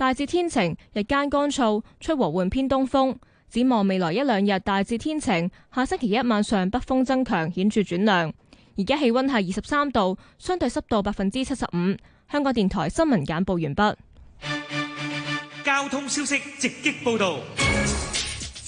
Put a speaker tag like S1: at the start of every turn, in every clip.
S1: 大致天晴，日間乾燥，吹和緩偏東風。展望未來一兩日大致天晴，下星期一晚上北風增強，顯著轉涼。而家氣溫係二十三度，相對濕度百分之七十五。香港電台新聞簡報完畢。
S2: 交通消息直擊報道。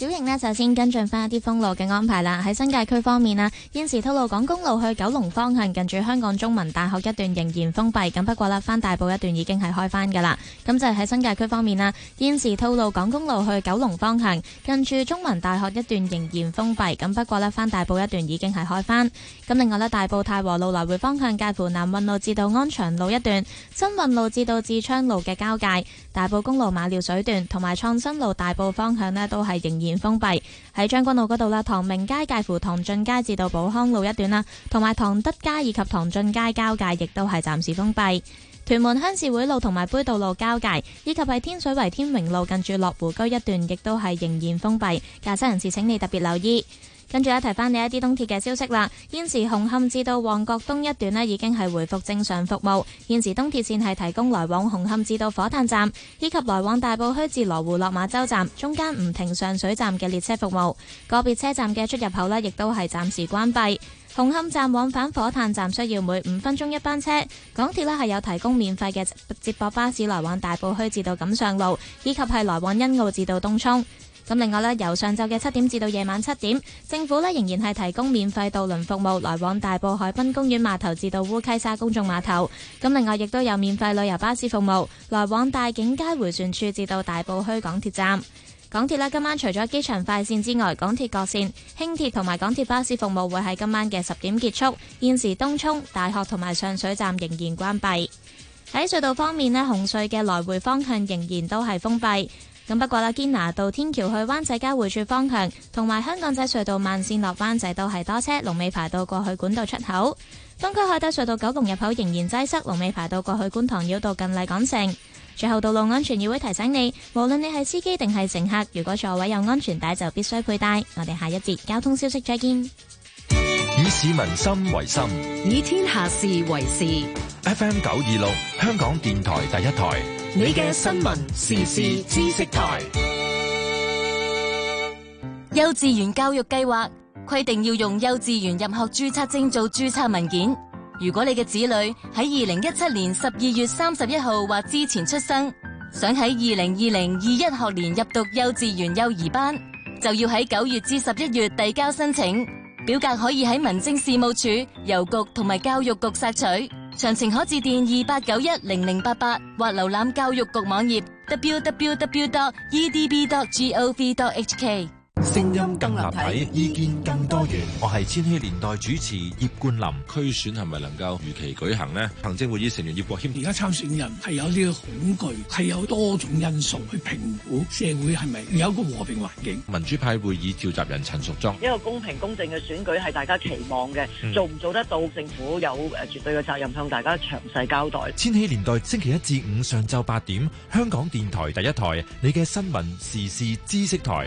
S3: 小盈呢就先跟進翻一啲封路嘅安排啦。喺新界區方面啦，現時吐露港公路去九龍方向近住香港中文大學一段仍然封閉，咁不過咧，翻大埔一段已經係開翻噶啦。咁就係喺新界區方面啦，現時吐露港公路去九龍方向近住中文大學一段仍然封閉，咁不過咧，翻大埔一段已經係開翻。咁另外咧，大埔太和路來回方向介乎南運路至到安祥路一段、新運路至到智昌路嘅交界，大埔公路馬料水段同埋創新路大埔方向咧都係仍然。封閉。喺將軍澳嗰度啦，唐明街介乎唐俊街至到寶康路一段啦，同埋唐德街以及唐俊街交界，亦都係暫時封閉。屯門鄉事會路同埋杯渡路交界，以及喺天水圍天榮路近住樂湖居一段，亦都係仍然封閉。駕駛人士請你特別留意。跟住呢，提翻你一啲東鐵嘅消息啦。現時紅磡至到旺角東一段呢，已經係回復正常服務。現時東鐵線係提供來往紅磡至到火炭站，以及來往大埔墟至羅湖落馬洲站，中間唔停上水站嘅列車服務。個別車站嘅出入口呢，亦都係暫時關閉。紅磡站往返火炭站需要每五分鐘一班車。港鐵呢，係有提供免費嘅接駁巴士來往大埔墟至到錦上路，以及係來往欣澳至到東涌。咁另外咧，由上晝嘅七點至到夜晚七點，政府咧仍然係提供免費渡輪服務來往大埔海濱公園碼頭至到烏溪沙公眾碼頭。咁另外亦都有免費旅遊巴士服務來往大景街回旋處至到大埔墟港鐵站。港鐵咧今晚除咗機場快綫之外，港鐵各綫、輕鐵同埋港鐵巴士服務會喺今晚嘅十點結束。現時東涌、大學同埋上水站仍然關閉。喺隧道方面咧，紅隧嘅來回方向仍然都係封閉。咁不過啦，堅拿道天橋去灣仔交匯處方向，同埋香港仔隧道慢綫落灣仔都係多車，龍尾排到過去管道出口。東區海底隧道九龍入口仍然擠塞，龍尾排到過去觀塘繞道近麗港城。最後，道路安全議會提醒你，無論你係司機定係乘客，如果座位有安全帶就必須佩戴。我哋下一節交通消息再見。
S4: 以市民心為心，
S3: 以天下事為事。
S4: FM 九二六，香港電台第一台。
S3: 你嘅新
S5: 聞
S6: 時事知識台，
S3: 幼稚園教育計劃規定要用幼稚園入學註冊證做註冊文件。如果你嘅子女喺二零一七年十二月三十一號或之前出生，想喺二零二零二一學年入讀幼稚園幼兒班，就要喺九月至十一月遞交申請。表格可以喺民政事務處、郵局同埋教育局索取，詳情可致電二八九一零零八八或瀏覽教育局網頁 www.edb.gov.hk。Www. 聲音
S2: 更立體，意見更多元。我係千禧年代主持葉冠林。區選係咪能夠如期舉行呢？行政會議成員葉國謙，而家參選人係有呢個恐懼，係有多種因素去評估社會係咪有一個和平環境。民主派會議召集人陳淑莊，一個公平公正嘅選舉係大家期望嘅，嗯、做唔做得到？政府有誒絕對嘅責任向大家詳細交代。千禧年代星期一至五上晝八點，香港電台第一台，你嘅新聞時事知識台。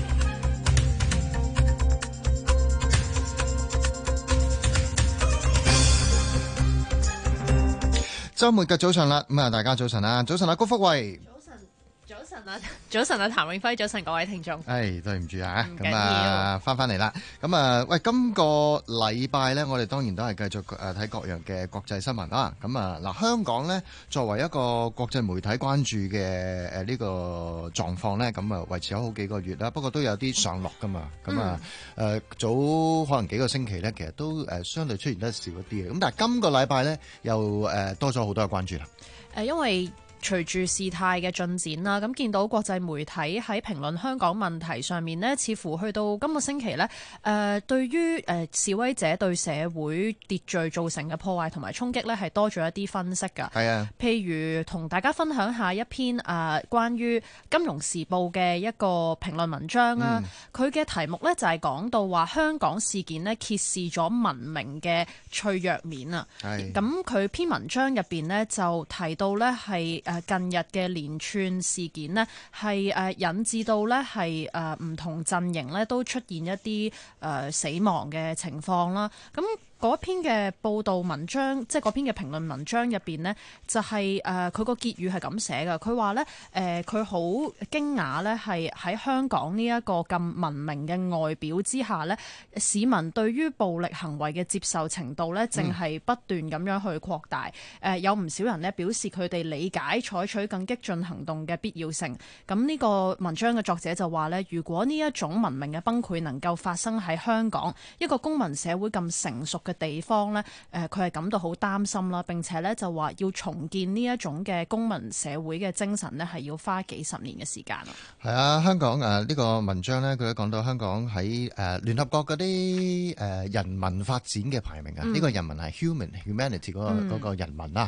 S7: 周末嘅早上啦，咁啊大家早晨啦，早晨啦，高福慧。
S5: 早晨啊，譚永輝，早晨各位聽眾。
S7: 誒、哎，對唔住啊，咁啊，返返嚟啦。咁啊，喂，今個禮拜咧，我哋當然都係繼續誒睇各樣嘅國際新聞啦。咁啊，嗱，香港咧，作為一個國際媒體關注嘅誒呢個狀況咧，咁啊維持咗好幾個月啦。不過都有啲上落噶嘛。咁啊， 誒、嗯、早可能幾個星期咧，其實都誒相對出現得少一啲嘅。咁但係今個禮拜咧，又誒多咗好多嘅關注啦。
S5: 誒，因為隨住事態嘅進展啦，咁見到國際媒體喺評論香港問題上面呢，似乎去到今個星期呢，誒、呃、對於誒、呃、示威者對社會秩序造成嘅破壞同埋衝擊呢，係多咗一啲分析㗎。係啊的，譬如同大家分享一下一篇誒、呃、關於《金融時報》嘅一個評論文章啦。佢嘅、嗯、題目呢，就係講到話香港事件呢，揭示咗文明嘅脆弱面啊。係的。咁佢篇文章入邊呢，就提到呢係。誒近日嘅連串事件呢，係誒引致到呢，係誒唔同陣營呢都出現一啲誒死亡嘅情況啦，咁。嗰篇嘅報導文章，即係嗰篇嘅評論文章入邊呢，就係誒佢個結語係咁寫嘅。佢話呢，誒、呃，佢好驚訝呢，係喺香港呢一個咁文明嘅外表之下呢，市民對於暴力行為嘅接受程度呢，淨係不斷咁樣去擴大。誒、嗯呃、有唔少人呢，表示佢哋理解採取更激進行動嘅必要性。咁呢個文章嘅作者就話呢，如果呢一種文明嘅崩潰能夠發生喺香港，一個公民社會咁成熟嘅地方咧，誒佢係感到好擔心啦，並且咧就話要重建呢一種嘅公民社會嘅精神咧，係要花幾十年嘅時間咯。
S7: 係啊，香港誒呢、啊呢個文章咧，佢都講到香港喺誒、呃、聯合國嗰啲誒人民發展嘅排名啊，呢、嗯、個人民係 human humanity 嗰、嗰個嗯、個人民啦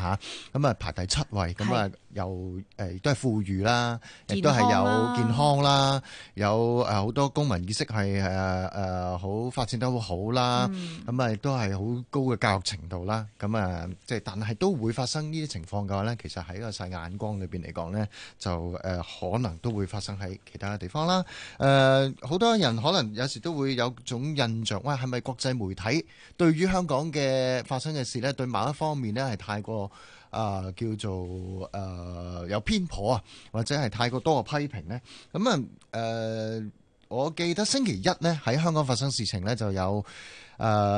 S7: 吓，咁啊排第七位咁啊。又誒都係富裕啦，亦都係有健康，健康啦，有誒好多公民意識係誒誒好發展得好啦，咁啊亦都係好高嘅教育程度啦。咁啊即係，但係都會發生呢啲情況嘅話呢，其實喺個細眼光裏邊嚟講呢，就誒可能都會發生喺其他嘅地方啦。誒、呃、好多人可能有時都會有種印象，喂，係咪國際媒體對於香港嘅發生嘅事呢，對某一方面呢，係太過？啊，叫做誒、呃、有偏頗啊，或者係太過多嘅批評咧。咁啊誒，我記得星期一咧喺香港發生事情咧，就有誒誒、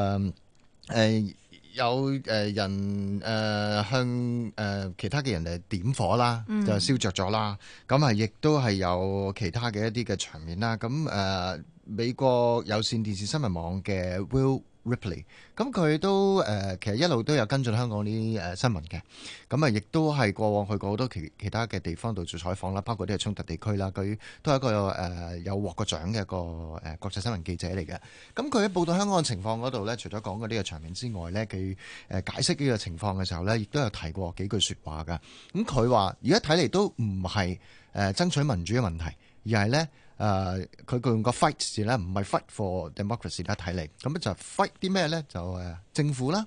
S7: 呃呃、有誒、呃、人誒、呃、向誒、呃、其他嘅人嚟點火啦，就燒着咗啦。咁啊，亦都係有其他嘅一啲嘅場面啦。咁誒、呃、美國有線電視新聞網嘅 Will。Ripley，咁佢都誒，ley，其實一路都有跟進香港啲誒新聞嘅，咁啊，亦都係過往去過好多其其他嘅地方度做採訪啦，包括啲係衝突地區啦。佢都係一個誒有獲過獎嘅一個誒國際新聞記者嚟嘅。咁佢喺報導香港嘅情況嗰度咧，除咗講過呢個場面之外咧，佢誒解釋呢個情況嘅時候咧，亦都有提過幾句説話噶。咁佢話，而家睇嚟都唔係誒爭取民主嘅問題，而係咧。誒佢、uh, 用個 fight 字咧，唔係 fight for democracy 啦，睇嚟咁就 fight 啲咩咧？就誒、啊、政府啦，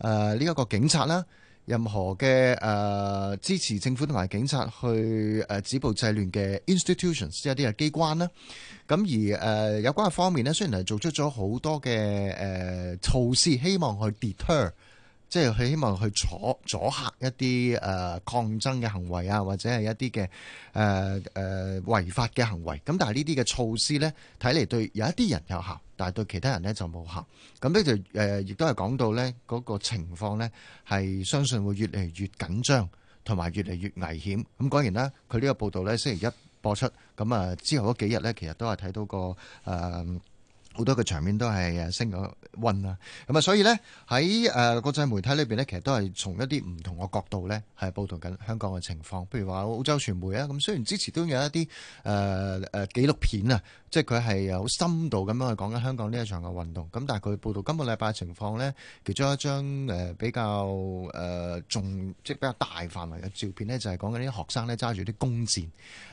S7: 誒呢一個警察啦，任何嘅誒、啊、支持政府同埋警察去誒、啊、止暴制亂嘅 institutions，即係啲嘅機關啦。咁、啊、而誒、啊、有關嘅方面咧，雖然係做出咗好多嘅誒、啊、措施，希望去 deter。即係佢希望去阻阻嚇一啲誒、呃、抗爭嘅行為啊，或者係一啲嘅誒誒違法嘅行為。咁但係呢啲嘅措施咧，睇嚟對有一啲人有效，但係對其他人咧就冇效。咁咧就誒，亦都係講到咧嗰個情況咧，係相信會越嚟越緊張，同埋越嚟越危險。咁果然咧，佢呢個報導咧，星期一播出，咁啊之後嗰幾日咧，其實都係睇到個誒。呃好多嘅場面都係誒升咗溫啦，咁啊，所以咧喺誒國際媒體裏邊咧，其實都係從一啲唔同嘅角度咧係報導緊香港嘅情況。譬如話澳洲傳媒啊，咁雖然之前都有一啲誒誒紀錄片啊，即係佢係有深度咁樣去講緊香港呢一場嘅運動，咁但係佢報導今個禮拜嘅情況咧，其中一張誒比較誒、呃、重即係比較大範圍嘅照片咧，就係講緊啲學生咧揸住啲弓箭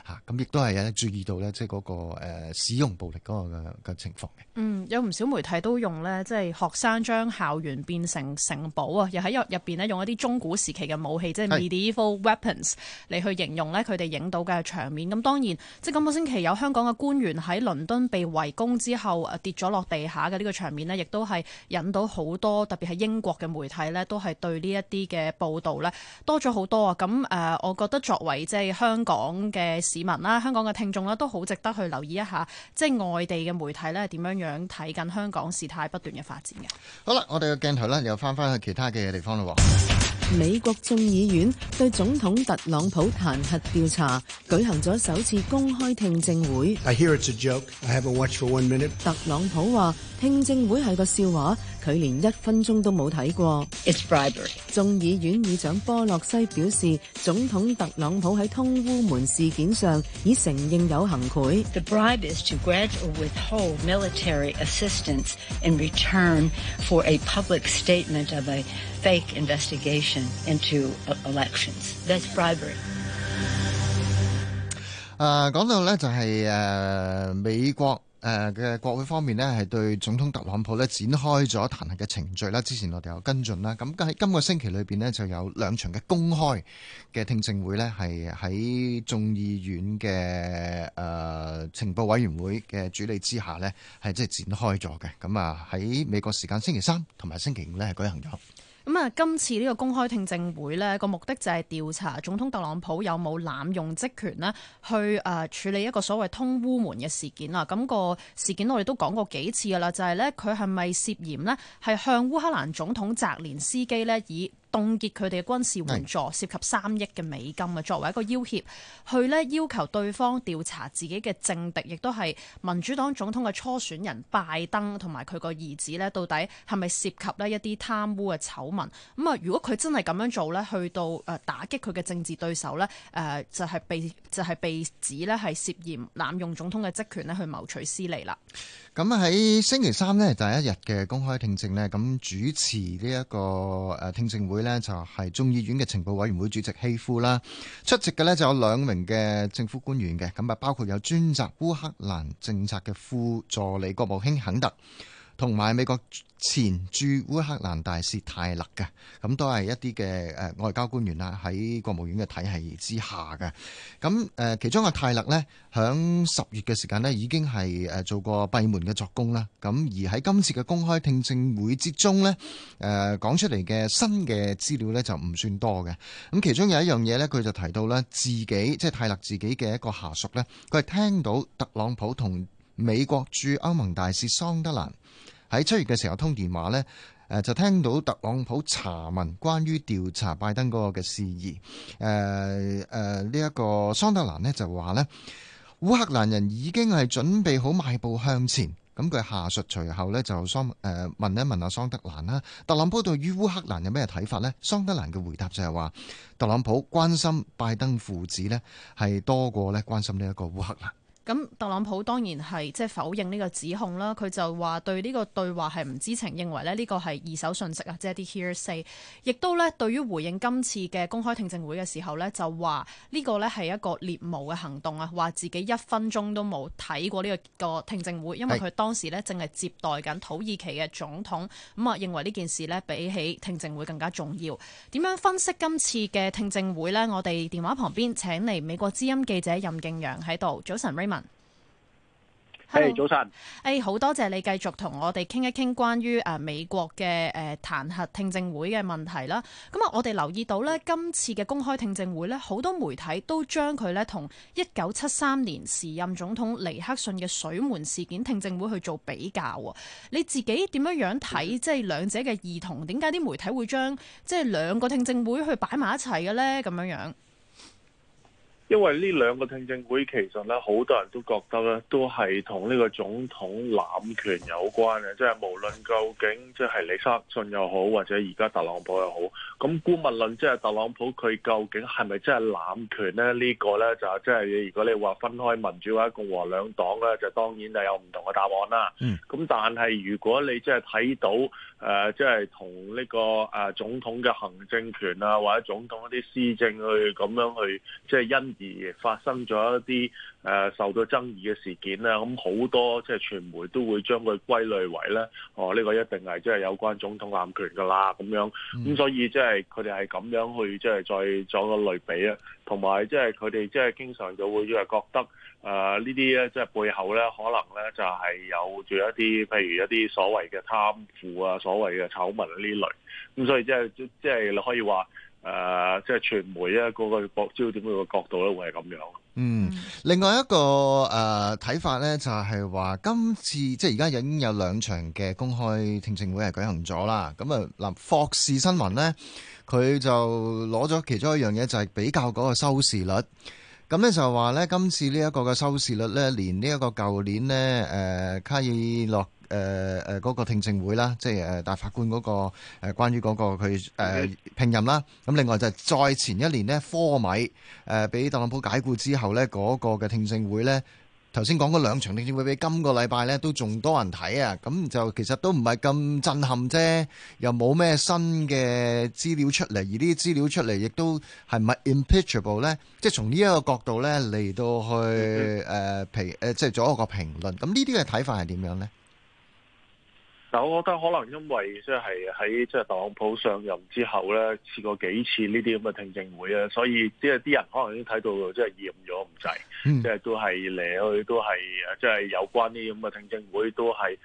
S7: 嚇，咁、啊、亦都係有注意到咧，即係、那、嗰個、呃、使用暴力嗰個嘅嘅情況嘅。
S5: 嗯，有唔少媒體都用呢，即係學生將校園變成城堡啊，又喺入入邊呢用一啲中古時期嘅武器，是即係 medieval weapons 嚟去形容呢佢哋影到嘅場面。咁當然，即係今個星期有香港嘅官員喺倫敦被圍攻之後，誒跌咗落地下嘅呢個場面呢，亦都係引到好多特別係英國嘅媒體呢，都係對呢一啲嘅報導呢多咗好多啊。咁誒、呃，我覺得作為即係香港嘅市民啦，香港嘅聽眾啦，都好值得去留意一下，即係外地嘅媒體呢點樣樣樣睇緊香港事態不斷嘅發展嘅，
S7: 好啦，我哋嘅鏡頭咧又翻翻去其他嘅地方咯。
S8: 美國眾議院對總統特朗普彈劾調查舉行咗首次公開聽證會。I hear it's a joke. I haven't watched for one minute. 特朗普話聽證會係個笑話。佢連一分鐘都冇睇過。It's bribery. 眾議院議長波洛西表示，總統特朗普喺通烏門事件上已承認有行賄。The bribe is to grant or withhold military assistance in return for a public statement of a fake investigation into elections. That's bribery.
S7: 誒，講到咧就係誒美國。誒嘅、呃、國會方面咧，係對總統特朗普咧展開咗彈劾嘅程序啦。之前我哋有跟進啦，咁、嗯、喺今個星期裏邊咧，就有兩場嘅公開嘅聽證會呢，係喺眾議院嘅誒、呃、情報委員會嘅主理之下呢，係即係展開咗嘅。咁、嗯、啊，喺、嗯、美國時間星期三同埋星期五呢，係舉行咗。
S5: 咁啊，今次呢個公開聽證會呢個目的就係調查總統特朗普有冇濫用職權咧，去誒處理一個所謂通烏門嘅事件啦。咁個事件我哋都講過幾次噶啦，就係呢，佢係咪涉嫌呢，係向烏克蘭總統澤連斯基呢以，凍結佢哋嘅軍事援助，涉及三億嘅美金啊！作為一個要挾，去咧要求對方調查自己嘅政敵，亦都係民主黨總統嘅初選人拜登同埋佢個兒子咧，到底係咪涉及呢一啲貪污嘅醜聞？咁啊，如果佢真係咁樣做咧，去到誒打擊佢嘅政治對手咧，誒、呃、就係被就係被指咧係涉嫌濫用總統嘅職權咧去謀取私利啦。
S7: 咁喺星期三呢，第一日嘅公開聽證呢，咁主持呢一個誒聽證會呢，就係眾議院嘅情報委員會主席希夫啦。出席嘅呢，就有兩名嘅政府官員嘅，咁啊包括有專責烏克蘭政策嘅副助理國務卿肯特。同埋美國前駐烏克蘭大使泰勒嘅，咁都係一啲嘅誒外交官員啦，喺國務院嘅體系之下嘅咁誒。其中嘅泰勒呢，響十月嘅時間呢，已經係誒做過閉門嘅作供啦。咁而喺今次嘅公開聽證會之中呢，誒講出嚟嘅新嘅資料呢，就唔算多嘅。咁其中有一樣嘢呢，佢就提到呢，自己即係泰勒自己嘅一個下屬呢，佢係聽到特朗普同美國駐歐盟大使桑德蘭。喺七月嘅時候通電話咧，誒、呃、就聽到特朗普查問關於調查拜登嗰個嘅事宜，誒誒呢一個桑德蘭呢就話咧烏克蘭人已經係準備好邁步向前，咁佢下述隨後咧就桑誒、呃、問一問阿桑德蘭啦，特朗普對於烏克蘭有咩睇法咧？桑德蘭嘅回答就係、是、話特朗普關心拜登父子咧係多過咧關心呢一個烏克蘭。
S5: 咁特朗普當然係即係否認呢個指控啦，佢就話對呢個對話係唔知情，認為咧呢個係二手信息啊，即係啲 hearsay。亦都咧對於回應今次嘅公開聽證會嘅時候呢，就話呢個呢係一個獵巫嘅行動啊，話自己一分鐘都冇睇過呢個個聽證會，因為佢當時呢淨係接待緊土耳其嘅總統，咁啊認為呢件事呢比起聽證會更加重要。點樣分析今次嘅聽證會呢？我哋電話旁邊請嚟美國之音記者任敬陽喺度，早晨 Raymond。嘿，Hello, hey, 早晨！哎，好多謝你繼續同我哋傾一傾關於誒美國嘅誒彈劾聽證會嘅問題啦。咁啊，我哋留意到咧，今次嘅公開聽證會咧，好多媒體都將佢咧同一九七三年時任總統尼克遜嘅水門事件聽證會去做比較。你自己點樣樣睇？即係兩者嘅異同？點解啲媒體會將即係兩個聽證會去擺埋一齊嘅咧？咁樣樣？
S4: 因為呢兩個聽證會，其實咧好多人都覺得咧，都係同呢個總統濫權有關嘅。即係無論究竟，即係尼克遜又好，或者而家特朗普又好，咁姑勿論即係特朗普，佢究竟係咪真係濫權咧？這個、呢個咧就即、就、係、是、如果你話分開民主或者共和兩黨咧，就當然就有唔同嘅答案啦。咁、嗯、但係如果你即係睇到誒，即係同呢個誒總統嘅行政權啊，或者總統一啲施政去咁樣去即係、就是、因。而發生咗一啲誒、呃、受到爭議嘅事件啦，咁、嗯、好多即係、就是、傳媒都會將佢歸類為咧，哦呢、這個一定係即係有關總統濫權噶啦咁樣，咁、嗯嗯、所以即係佢哋係咁樣去即係、就是、再作個類比啊，同埋即係佢哋即係經常就會覺得誒呢啲咧即係背後咧可能咧就係有住一啲譬如一啲所謂嘅貪腐啊、所謂嘅醜聞呢、啊、類，咁、嗯、所以即係即係你可以話。誒，即係傳媒啊，嗰個報招點樣嘅角度咧，會係咁樣。
S7: 嗯，另外一個誒睇、呃、法咧，就係、是、話今次即係而家已經有兩場嘅公開聽證會係舉行咗啦。咁啊，嗱，霍士新聞咧，佢就攞咗其中一樣嘢，就係比較嗰個收視率。咁咧就係話咧，今次呢一個嘅收視率咧，連呢一個舊年呢，誒、呃、卡爾諾。誒誒，嗰、呃那個聽證會啦，即係誒大法官嗰、那個誒、呃，關於嗰個佢誒、呃、聘任啦。咁另外就係再前一年呢，科米誒俾、呃、特朗普解雇之後呢，嗰、那個嘅聽證會呢，頭先講嗰兩場聽證會，比今個禮拜呢，都仲多人睇啊。咁就其實都唔係咁震撼啫，又冇咩新嘅資料出嚟，而呢啲資料出嚟亦都係唔係 impeachable 呢？即係從呢一個角度呢嚟到去誒評誒，即係做一個評論。咁呢啲嘅睇法係點樣呢？
S4: 但我覺得可能因為即係喺即係特朗普上任之後咧，試過幾次呢啲咁嘅聽證會啊，所以即係啲人可能已經睇到即係厭咗唔滯，即係、嗯、都係嚟去都係，即係有關呢啲咁嘅聽證會都係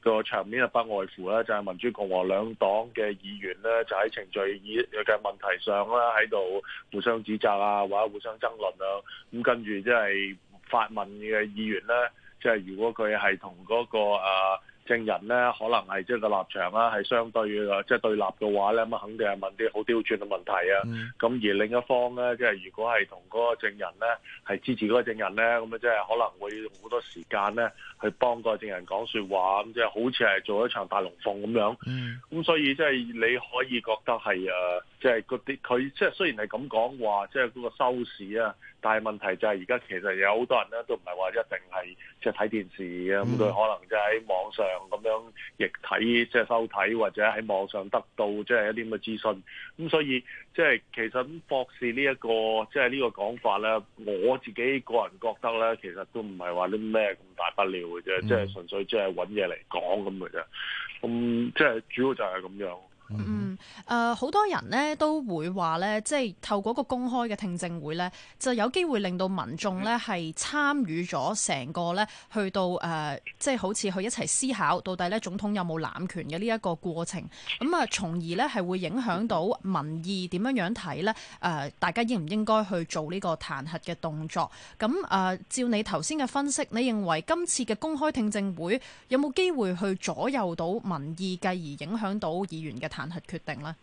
S4: 個場面啊不外乎啦，就係、是、民主共和兩黨嘅議員咧，就喺、是、程序議嘅問題上啦，喺度互相指責啊，或者互相爭論啊，咁跟住即係發問嘅議員咧，即、就、係、是、如果佢係同嗰個啊。證人咧可能係即係個立場啦，係相對嘅即係對立嘅話咧，咁肯定係問啲好刁鑽嘅問題啊。咁、mm hmm. 而另一方咧，即係如果係同嗰個證人咧係支持嗰個證人咧，咁啊即係可能會好多時間咧去幫個證人講説話，咁即係好似係做一場大龍鳳咁樣。咁、mm hmm. 所以即係你可以覺得係誒，即係嗰啲佢即係雖然係咁講話，即係嗰個收視啊。但係問題就係而家其實有好多人咧都唔係話一定係即係睇電視啊，咁佢、嗯、可能就喺網上咁樣亦睇即係收睇，或者喺網上得到即係一啲咁嘅資訊。咁所以即係其實博士、這個就是、呢一個即係呢個講法咧，我自己個人覺得咧，其實都唔係話啲咩咁大不了嘅啫，即係、嗯、純粹即係揾嘢嚟講咁嘅啫。咁即係主要就係咁樣。
S6: 嗯，誒、
S5: 呃、好多人咧都會話咧，即係透過個公開嘅聽證會咧，就有機會令到民眾咧係參與咗成個咧去到誒，即、呃、係、就是、好似去一齊思考到底咧總統有冇濫權嘅呢一個過程。咁啊，從而咧係會影響到民意點樣樣睇咧？誒、呃，大家應唔應該去做呢個彈劾嘅動作？咁、呃、誒，照你頭先嘅分析，你認為今次嘅公開聽證會有冇機會去左右到民意，繼而影響到議員嘅彈劾決定咧？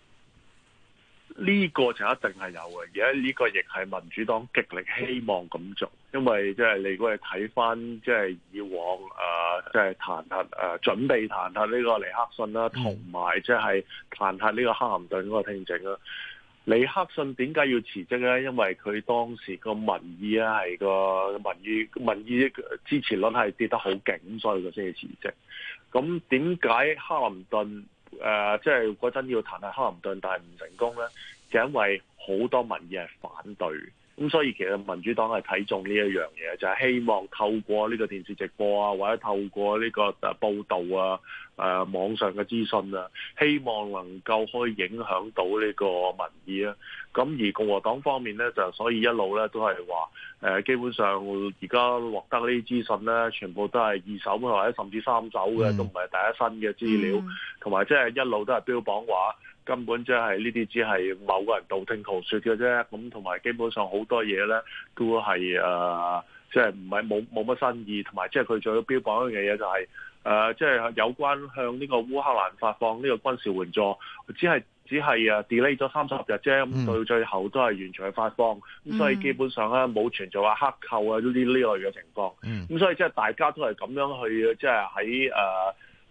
S4: 呢個就一定係有嘅，而家呢個亦係民主黨極力希望咁做，因為即係你如果係睇翻即係以往誒，即係彈劾誒，準備彈劾呢個尼克森啦，同埋即係彈劾呢個克林頓嗰個聽證啦。尼克森點解要辭職咧？因為佢當時個民意咧係個民意民意支持率係跌得好勁，所以佢先至辭職。咁點解克林頓？誒、呃，即係嗰陣要彈劾克林頓，但係唔成功咧，就因為好多民意係反對。咁所以其實民主黨係睇中呢一樣嘢，就係、是、希望透過呢個電視直播啊，或者透過呢個誒報道啊、誒、呃、網上嘅資訊啊，希望能夠可以影響到呢個民意啊。咁而共和黨方面咧，就所以一路咧都係話誒基本上而家獲得呢啲資訊咧，全部都係二手或者甚至三手嘅，都唔係第一身嘅資料，同埋即係一路都係標榜話。根本即係呢啲只係某個人道聽途説嘅啫，咁同埋基本上好多嘢咧都係誒，即係唔係冇冇乜新意，同埋即係佢仲要標榜一樣嘢就係、是、誒，即、呃、係、就是、有關向呢個烏克蘭發放呢個軍事援助，只係只係誒 delay 咗三十日啫，咁、mm. 到最後都係完全去發放，咁、mm. 所以基本上咧冇存在話克扣啊呢呢類嘅情況，咁、mm. 所以即、就、係、是、大家都係咁樣去即係喺誒。就是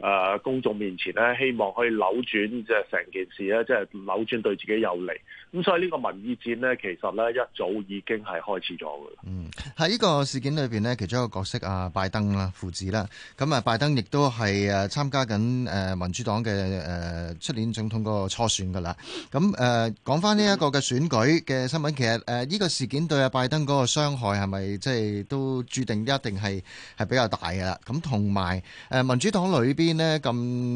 S4: 誒公眾面前咧，希望可以扭轉，即係成件事咧，即係扭轉對自己有利。咁所以呢個民意戰咧，其實咧一早已經係開始咗
S7: 嘅。嗯，喺呢個事件裏邊咧，其中一個角色啊，拜登啦、啊，父子啦，咁啊，拜登亦都係誒參加緊誒民主黨嘅誒出年總統個初選噶啦。咁誒講翻呢一個嘅選舉嘅新聞，其實誒呢、啊這個事件對阿拜登嗰個傷害係咪即係都注定一定係係比較大嘅啦？咁同埋誒民主黨裏邊咧咁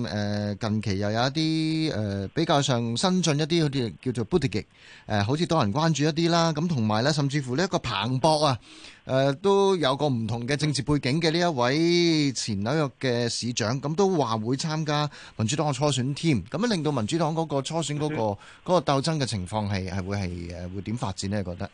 S7: 誒近期又有一啲誒、啊、比較上新進一啲，好似叫做布迪誒、呃，好似多人關注一啲啦，咁同埋呢，甚至乎呢一個彭博啊，誒、呃、都有個唔同嘅政治背景嘅呢一位前紐約嘅市長，咁都話會參加民主黨嘅初選添，咁樣令到民主黨嗰個初選嗰、那個嗰、那個鬥爭嘅情況係係會係誒會點發展呢？覺得？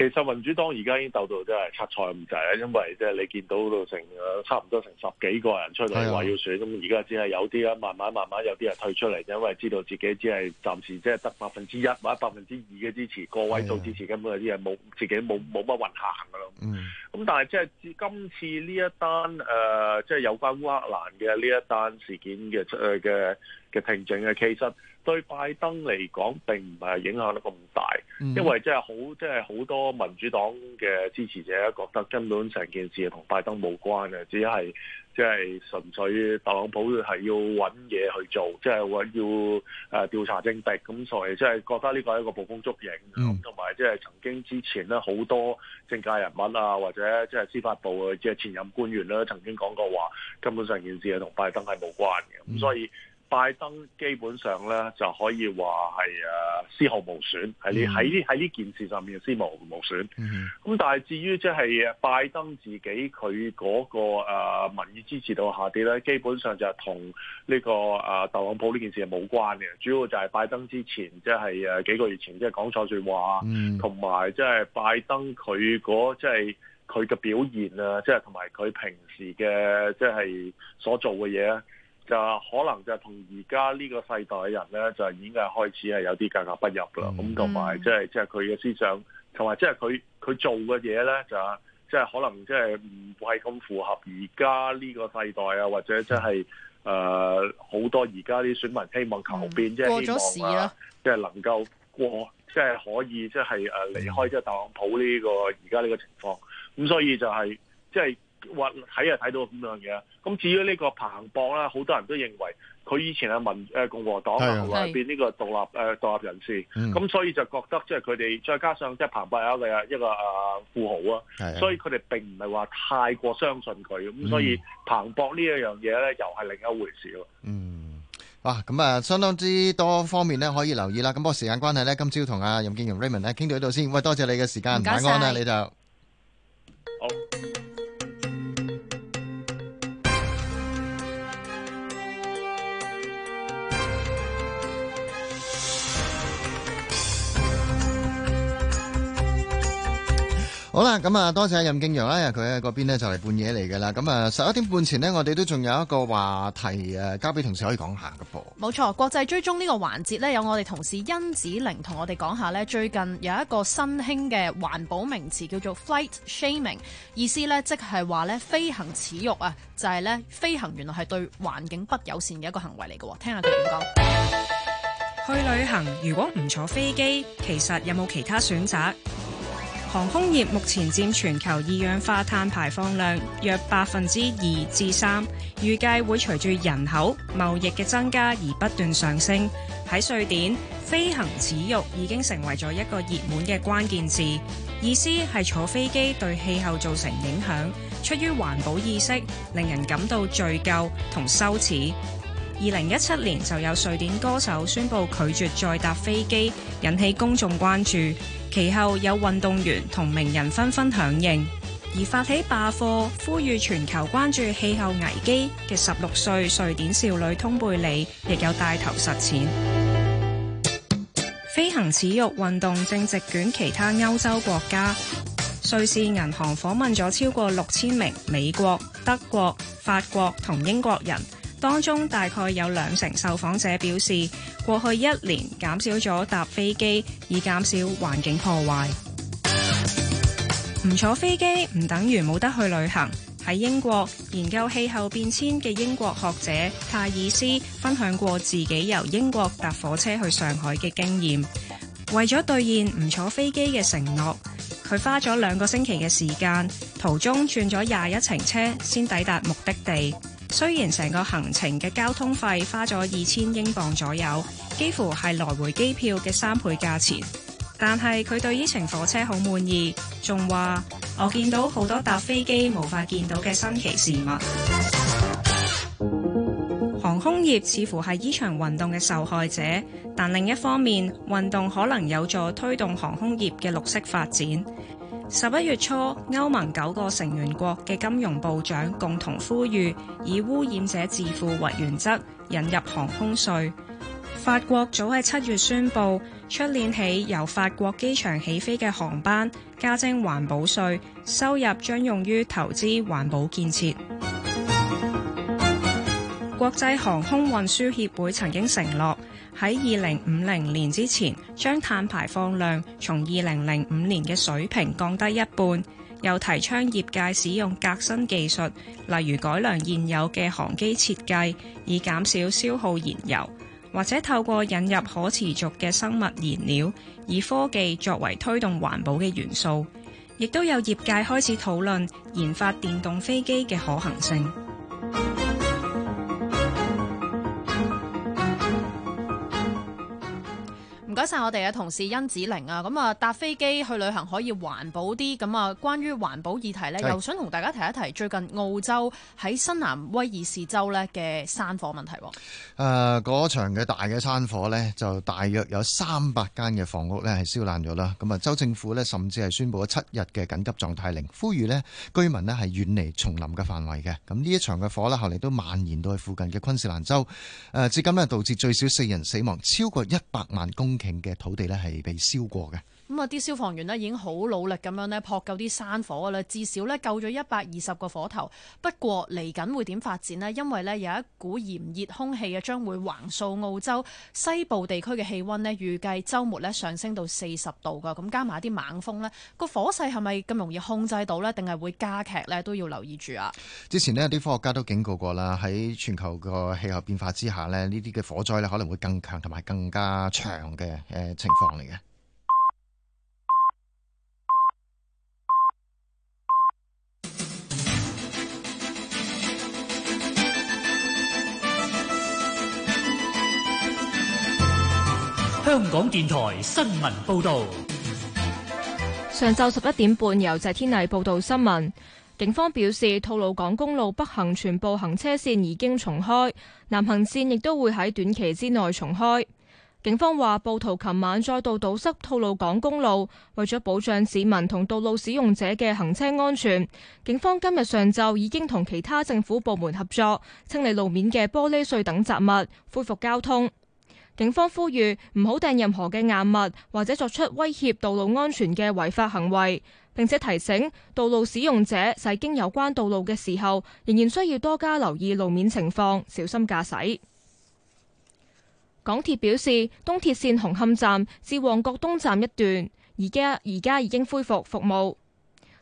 S4: 其實民主黨而家已經鬥到真係七彩咁滯，因為即係你見到到成差唔多成十幾個人出嚟話要選，咁而家只係有啲啊，慢慢慢慢有啲人退出嚟，因為知道自己只係暫時即係得百分之一或者百分之二嘅支持，個位數支持的根本有啲係冇自己冇冇乜運行噶咯。咁、嗯、但係即係今次呢一單誒，即、呃、係、就是、有關烏克蘭嘅呢一單事件嘅出嚟嘅嘅聽證嘅，其實。對拜登嚟講，並唔係影響得咁大，因為即係好，即係好多民主黨嘅支持者覺得根本成件事係同拜登冇關嘅，只係即係純粹特朗普係要搵嘢去做，即係話要誒調查政敵咁，所以即係覺得呢個係一個捕風捉影，同埋即係曾經之前咧好多政界人物啊，或者即係司法部即係、就是、前任官員咧，曾經講過話根本上件事係同拜登係冇關嘅，咁所以。拜登基本上咧就可以話係誒絲毫無損。喺呢喺呢喺呢件事上面絲毫無損。咁、mm hmm. 但係，至於即係拜登自己佢嗰個誒民意支持度下跌咧，基本上就係同呢個誒、啊、特朗普呢件事係冇關嘅。主要就係拜登之前即係誒幾個月前即係講錯說話，同埋即係拜登佢嗰即係佢嘅表現啊，即係同埋佢平時嘅即係所做嘅嘢。就可能就同而家呢個世代嘅人咧，就已經係開始係有啲格格不入啦。咁同埋即係即係佢嘅思想，同埋即係佢佢做嘅嘢咧，就即係可能即係唔係咁符合而家呢個世代啊，或者即係誒好多而家啲選民希望求變，即係希望啊，即係能夠過，即係可以即係誒離開即係特朗普呢個而家呢個情況。咁所以就係即係。就是或睇啊睇到咁樣嘢，咁至於呢個彭博啦，好多人都認為佢以前係民誒共和黨啊，的變呢個獨立誒、呃、獨立人士，咁、嗯嗯、所以就覺得即係佢哋再加上即係彭博有一個一個誒富豪啊，的所以佢哋並唔係話太過相信佢，咁、嗯、所以彭博呢一樣嘢咧又係另一回事咯。
S7: 嗯，哇，咁啊，相當之多方面咧可以留意啦。咁不過時間關係咧，今朝同阿任建雄 Raymond 咧傾到呢度先。喂，多謝你嘅時間，晚、嗯、謝謝 安啦、啊，你就好。好好啦，咁啊，多謝阿任敬陽、哎、啦，佢喺嗰邊咧就係半夜嚟嘅啦。咁啊，十一點半前呢，我哋都仲有一個話題誒，交俾同事可以講下嘅噃。
S5: 冇錯，國際追蹤呢個環節咧，有我哋同事殷子玲同我哋講下咧，最近有一個新興嘅環保名詞叫做 Flight Shaming，意思咧即係話咧飛行恥辱啊，就係、是、咧飛行原來係對環境不友善嘅一個行為嚟嘅。聽下佢點講？
S9: 去旅行如果唔坐飛機，其實有冇其他選擇？航空業目前佔全球二氧化碳排放量約百分之二至三，預計會隨住人口貿易嘅增加而不斷上升。喺瑞典，飛行恥辱已經成為咗一個熱門嘅關鍵字，意思係坐飛機對氣候造成影響，出於環保意識，令人感到罪疚同羞恥。二零一七年就有瑞典歌手宣布拒絕再搭飛機，引起公眾關注。其後有運動員同名人紛紛響應，而發起罷課、呼籲全球關注氣候危機嘅十六歲瑞典少女通貝里，亦有帶頭實踐。 飛行恥辱運動正席捲其他歐洲國家。瑞士銀行訪問咗超過六千名美國、德國、法國同英國人。當中大概有兩成受訪者表示，過去一年減少咗搭飛機，以減少環境破壞。唔 坐飛機唔等於冇得去旅行。喺英國研究氣候變遷嘅英國學者泰爾斯分享過自己由英國搭火車去上海嘅經驗。為咗兌現唔坐飛機嘅承諾，佢花咗兩個星期嘅時間，途中轉咗廿一程車，先抵達目的地。雖然成個行程嘅交通費花咗二千英鎊左右，幾乎係來回機票嘅三倍價錢，但係佢對呢程火車好滿意，仲話，我見到好多搭飛機無法見到嘅新奇事物。 航空業似乎係呢場運動嘅受害者，但另一方面，運動可能有助推動航空業嘅綠色發展。十一月初，歐盟九個成員國嘅金融部長共同呼籲以污染者自負為原則，引入航空稅。法國早喺七月宣布，出年起由法國機場起飛嘅航班加徵環保稅，收入將用於投資環保建設。國際航空運輸協會曾經承諾，喺二零五零年之前，將碳排放量從二零零五年嘅水平降低一半，又提倡業界使用革新技術，例如改良現有嘅航機設計，以減少消耗燃油，或者透過引入可持續嘅生物燃料，以科技作為推動環保嘅元素。亦都有業界開始討論研發電動飛機嘅可行性。
S5: 多謝我哋嘅同事殷子玲啊！咁啊，搭飛機去旅行可以環保啲。咁啊，關於環保議題呢，又想同大家提一提最近澳洲喺新南威爾士州呢嘅山火問題。誒、
S7: 呃，嗰場嘅大嘅山火呢，就大約有三百間嘅房屋呢係燒爛咗啦。咁啊，州政府呢，甚至係宣布咗七日嘅緊急狀態令，呼籲呢居民呢係遠離叢林嘅範圍嘅。咁呢一場嘅火呢，後嚟都蔓延到去附近嘅昆士蘭州。誒、呃，至今呢，導致最少四人死亡，超過一百萬公頃。嘅土地咧，係被燒過嘅。
S5: 咁啊，啲消防員咧，已經好努力咁樣咧撲救啲山火噶啦，至少咧救咗一百二十個火頭。不過嚟緊會點發展呢？因為咧有一股炎熱空氣嘅，將會橫掃澳洲西部地區嘅氣溫咧，預計周末咧上升到四十度噶。咁加埋啲猛風咧，個火勢係咪咁容易控制到呢？定係會加劇呢？都要留意住啊。
S7: 之前咧啲科學家都警告過啦，喺全球個氣候變化之下咧，呢啲嘅火災咧可能會更強同埋更加長嘅誒情況嚟嘅。
S2: 香港電台新聞報道：
S1: 上晝十一點半，由謝天麗報道新聞。警方表示，吐露港公路北行全部行車線已經重開，南行線亦都會喺短期之內重開。警方話，暴徒琴晚再度堵塞吐露港公路，為咗保障市民同道路使用者嘅行車安全，警方今日上晝已經同其他政府部門合作清理路面嘅玻璃碎等雜物，恢復交通。警方呼籲唔好掟任何嘅硬物，或者作出威脅道路安全嘅違法行為，並且提醒道路使用者，駛經有關道路嘅時候，仍然需要多加留意路面情況，小心駕駛。港鐵表示，東鐵綫紅磡站至旺角東站一段，而家而家已經恢復服務。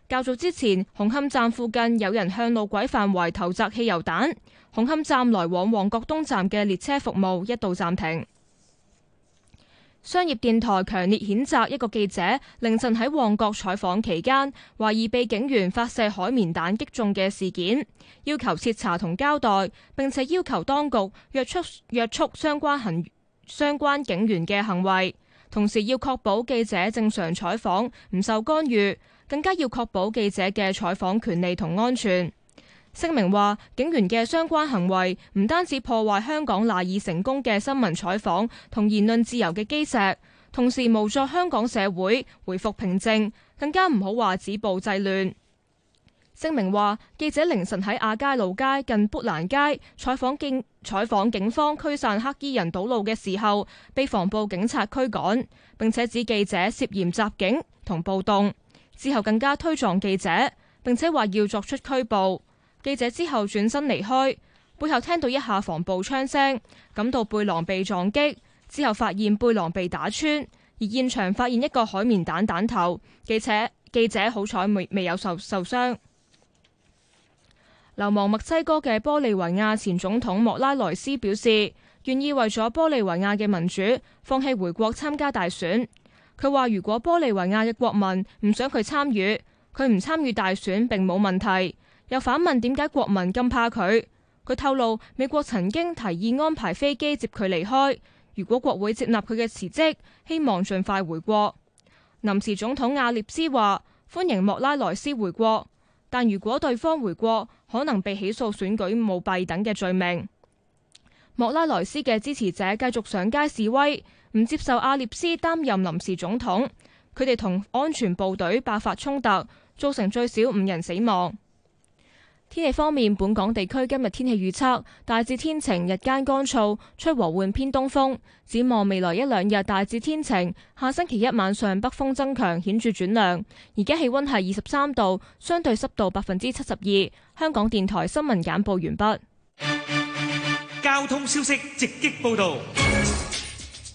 S1: 較早之前，紅磡站附近有人向路軌範圍投擲汽油彈，紅磡站來往旺角東站嘅列車服務一度暫停。商業電台強烈譴責一個記者凌晨喺旺角採訪期間，懷疑被警員發射海綿彈擊中嘅事件，要求徹查同交代，並且要求當局約束約束相關行相關警員嘅行為，同時要確保記者正常採訪唔受干預，更加要確保記者嘅採訪權利同安全。聲明話，警員嘅相關行為唔單止破壞香港賴以成功嘅新聞採訪同言論自由嘅基石，同時無助香港社會回復平靜，更加唔好話止暴制亂。聲明話，記者凌晨喺亞皆老街近砵蘭街採訪，經採訪警方驅散黑衣人堵路嘅時候，被防暴警察驅趕，並且指記者涉嫌襲警同暴動。之後更加推撞記者，並且話要作出拘捕。記者之後轉身離開，背後聽到一下防暴槍聲，感到背囊被撞擊，之後發現背囊被打穿，而現場發現一個海綿彈彈頭。記者記者好彩未未有受受傷。流亡墨西哥嘅玻利維亞前總統莫拉萊斯表示，願意為咗玻利維亞嘅民主放棄回國參加大選。佢話：如果玻利維亞嘅國民唔想佢參與，佢唔參與大選並冇問題。又反問點解國民咁怕佢？佢透露，美國曾經提議安排飛機接佢離開。如果國會接納佢嘅辭職，希望盡快回國。臨時總統阿涅斯話歡迎莫拉萊斯回國，但如果對方回國，可能被起訴選舉舞弊等嘅罪名。莫拉萊斯嘅支持者繼續上街示威，唔接受阿涅斯擔任臨時總統。佢哋同安全部隊爆發衝突，造成最少五人死亡。天氣方面，本港地區今日天氣預測大致天晴，日間乾燥，吹和緩偏東風。展望未來一兩日大致天晴，下星期一晚上，上北風增強，顯著轉涼。而家氣溫係二十三度，相對濕度百分之七十二。香港電台新聞簡報完畢。交通消息直擊報道。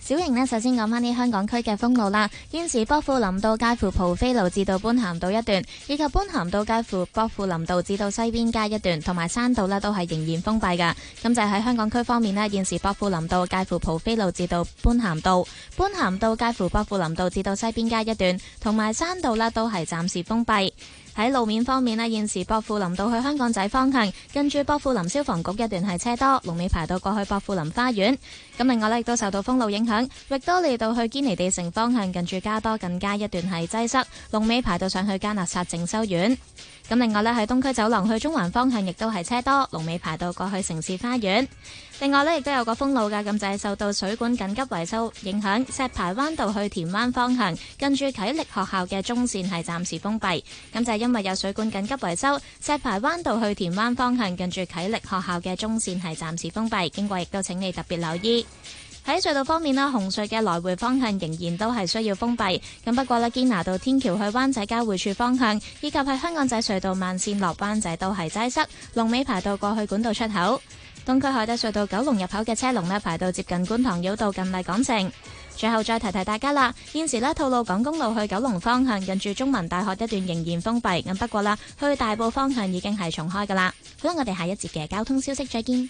S3: 小型呢，首先講翻啲香港區嘅封路啦。現時薄扶林道介乎蒲飛路至到般咸道一段，以及般咸道介乎薄扶林道至到西邊街一段，同埋山道呢都係仍然封閉嘅。咁就喺香港區方面呢，現時薄扶林道介乎蒲飛路至到般咸道、般咸道介乎薄扶林道至到西邊街一段，同埋山道呢都係暫時封閉。喺路面方面咧，現時薄扶林道去香港仔方向，近住薄扶林消防局一段係車多，龍尾排到過去薄扶林花園。咁另外呢亦都受到封路影響，域多利道去堅尼地城方向，近住加多近街一段係擠塞，龍尾排到上去嘉諾撒靜修院。咁另外呢，喺東區走廊去中環方向亦都係車多，龍尾排到過去城市花園。另外呢，亦都有個封路嘅，咁就係、是、受到水管緊急維修影響，石排灣道去田灣方向近住啟力學校嘅中線係暫時封閉。咁就係、是、因為有水管緊急維修，石排灣道去田灣方向近住啟力學校嘅中線係暫時封閉。經過亦都請你特別留意。喺隧道方面啦，紅隧嘅來回方向仍然都係需要封閉。咁不過呢，堅拿道天橋去灣仔交匯處方向，以及喺香港仔隧道慢線落灣仔都係擠塞，龍尾排到過去管道出口。東區海底隧道九龍入口嘅車龍咧排到接近觀塘繞道近麗港城。最後再提提大家啦，現時呢，吐露港公路去九龍方向，近住中文大學一段仍然封閉。咁不過啦，去大埔方向已經係重開噶啦。好啦，我哋下一節嘅交通消息再見。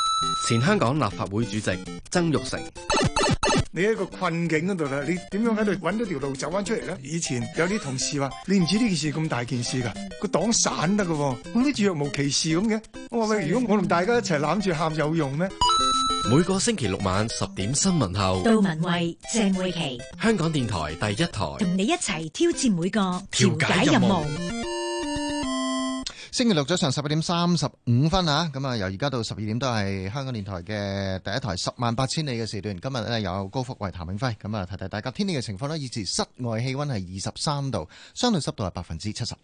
S2: 前香港立法會主席曾鈺成，
S7: 你喺個困境嗰度啦，你點樣喺度揾咗條路走翻出嚟咧？以前有啲同事話，你唔知呢件事咁大件事噶，個黨散得噶，咁呢住若無其事咁嘅，我話喂，的如果我同大家一齊攬住喊有用咩？
S2: 每個星期六晚十點新聞後，杜文慧、
S7: 鄭
S9: 慧琪，
S2: 香港電
S7: 台第一台同
S9: 你一齊挑戰每個調解任務。
S7: 星期六早上十一點三十五分啊，咁啊由而家到十二點都係香港電台嘅第一台十萬八千里嘅時段。今日咧有高福慧、譚永輝，咁啊提提大家天氣嘅情況咧。以至室外氣溫係二十三度，相對濕度係百分之七十。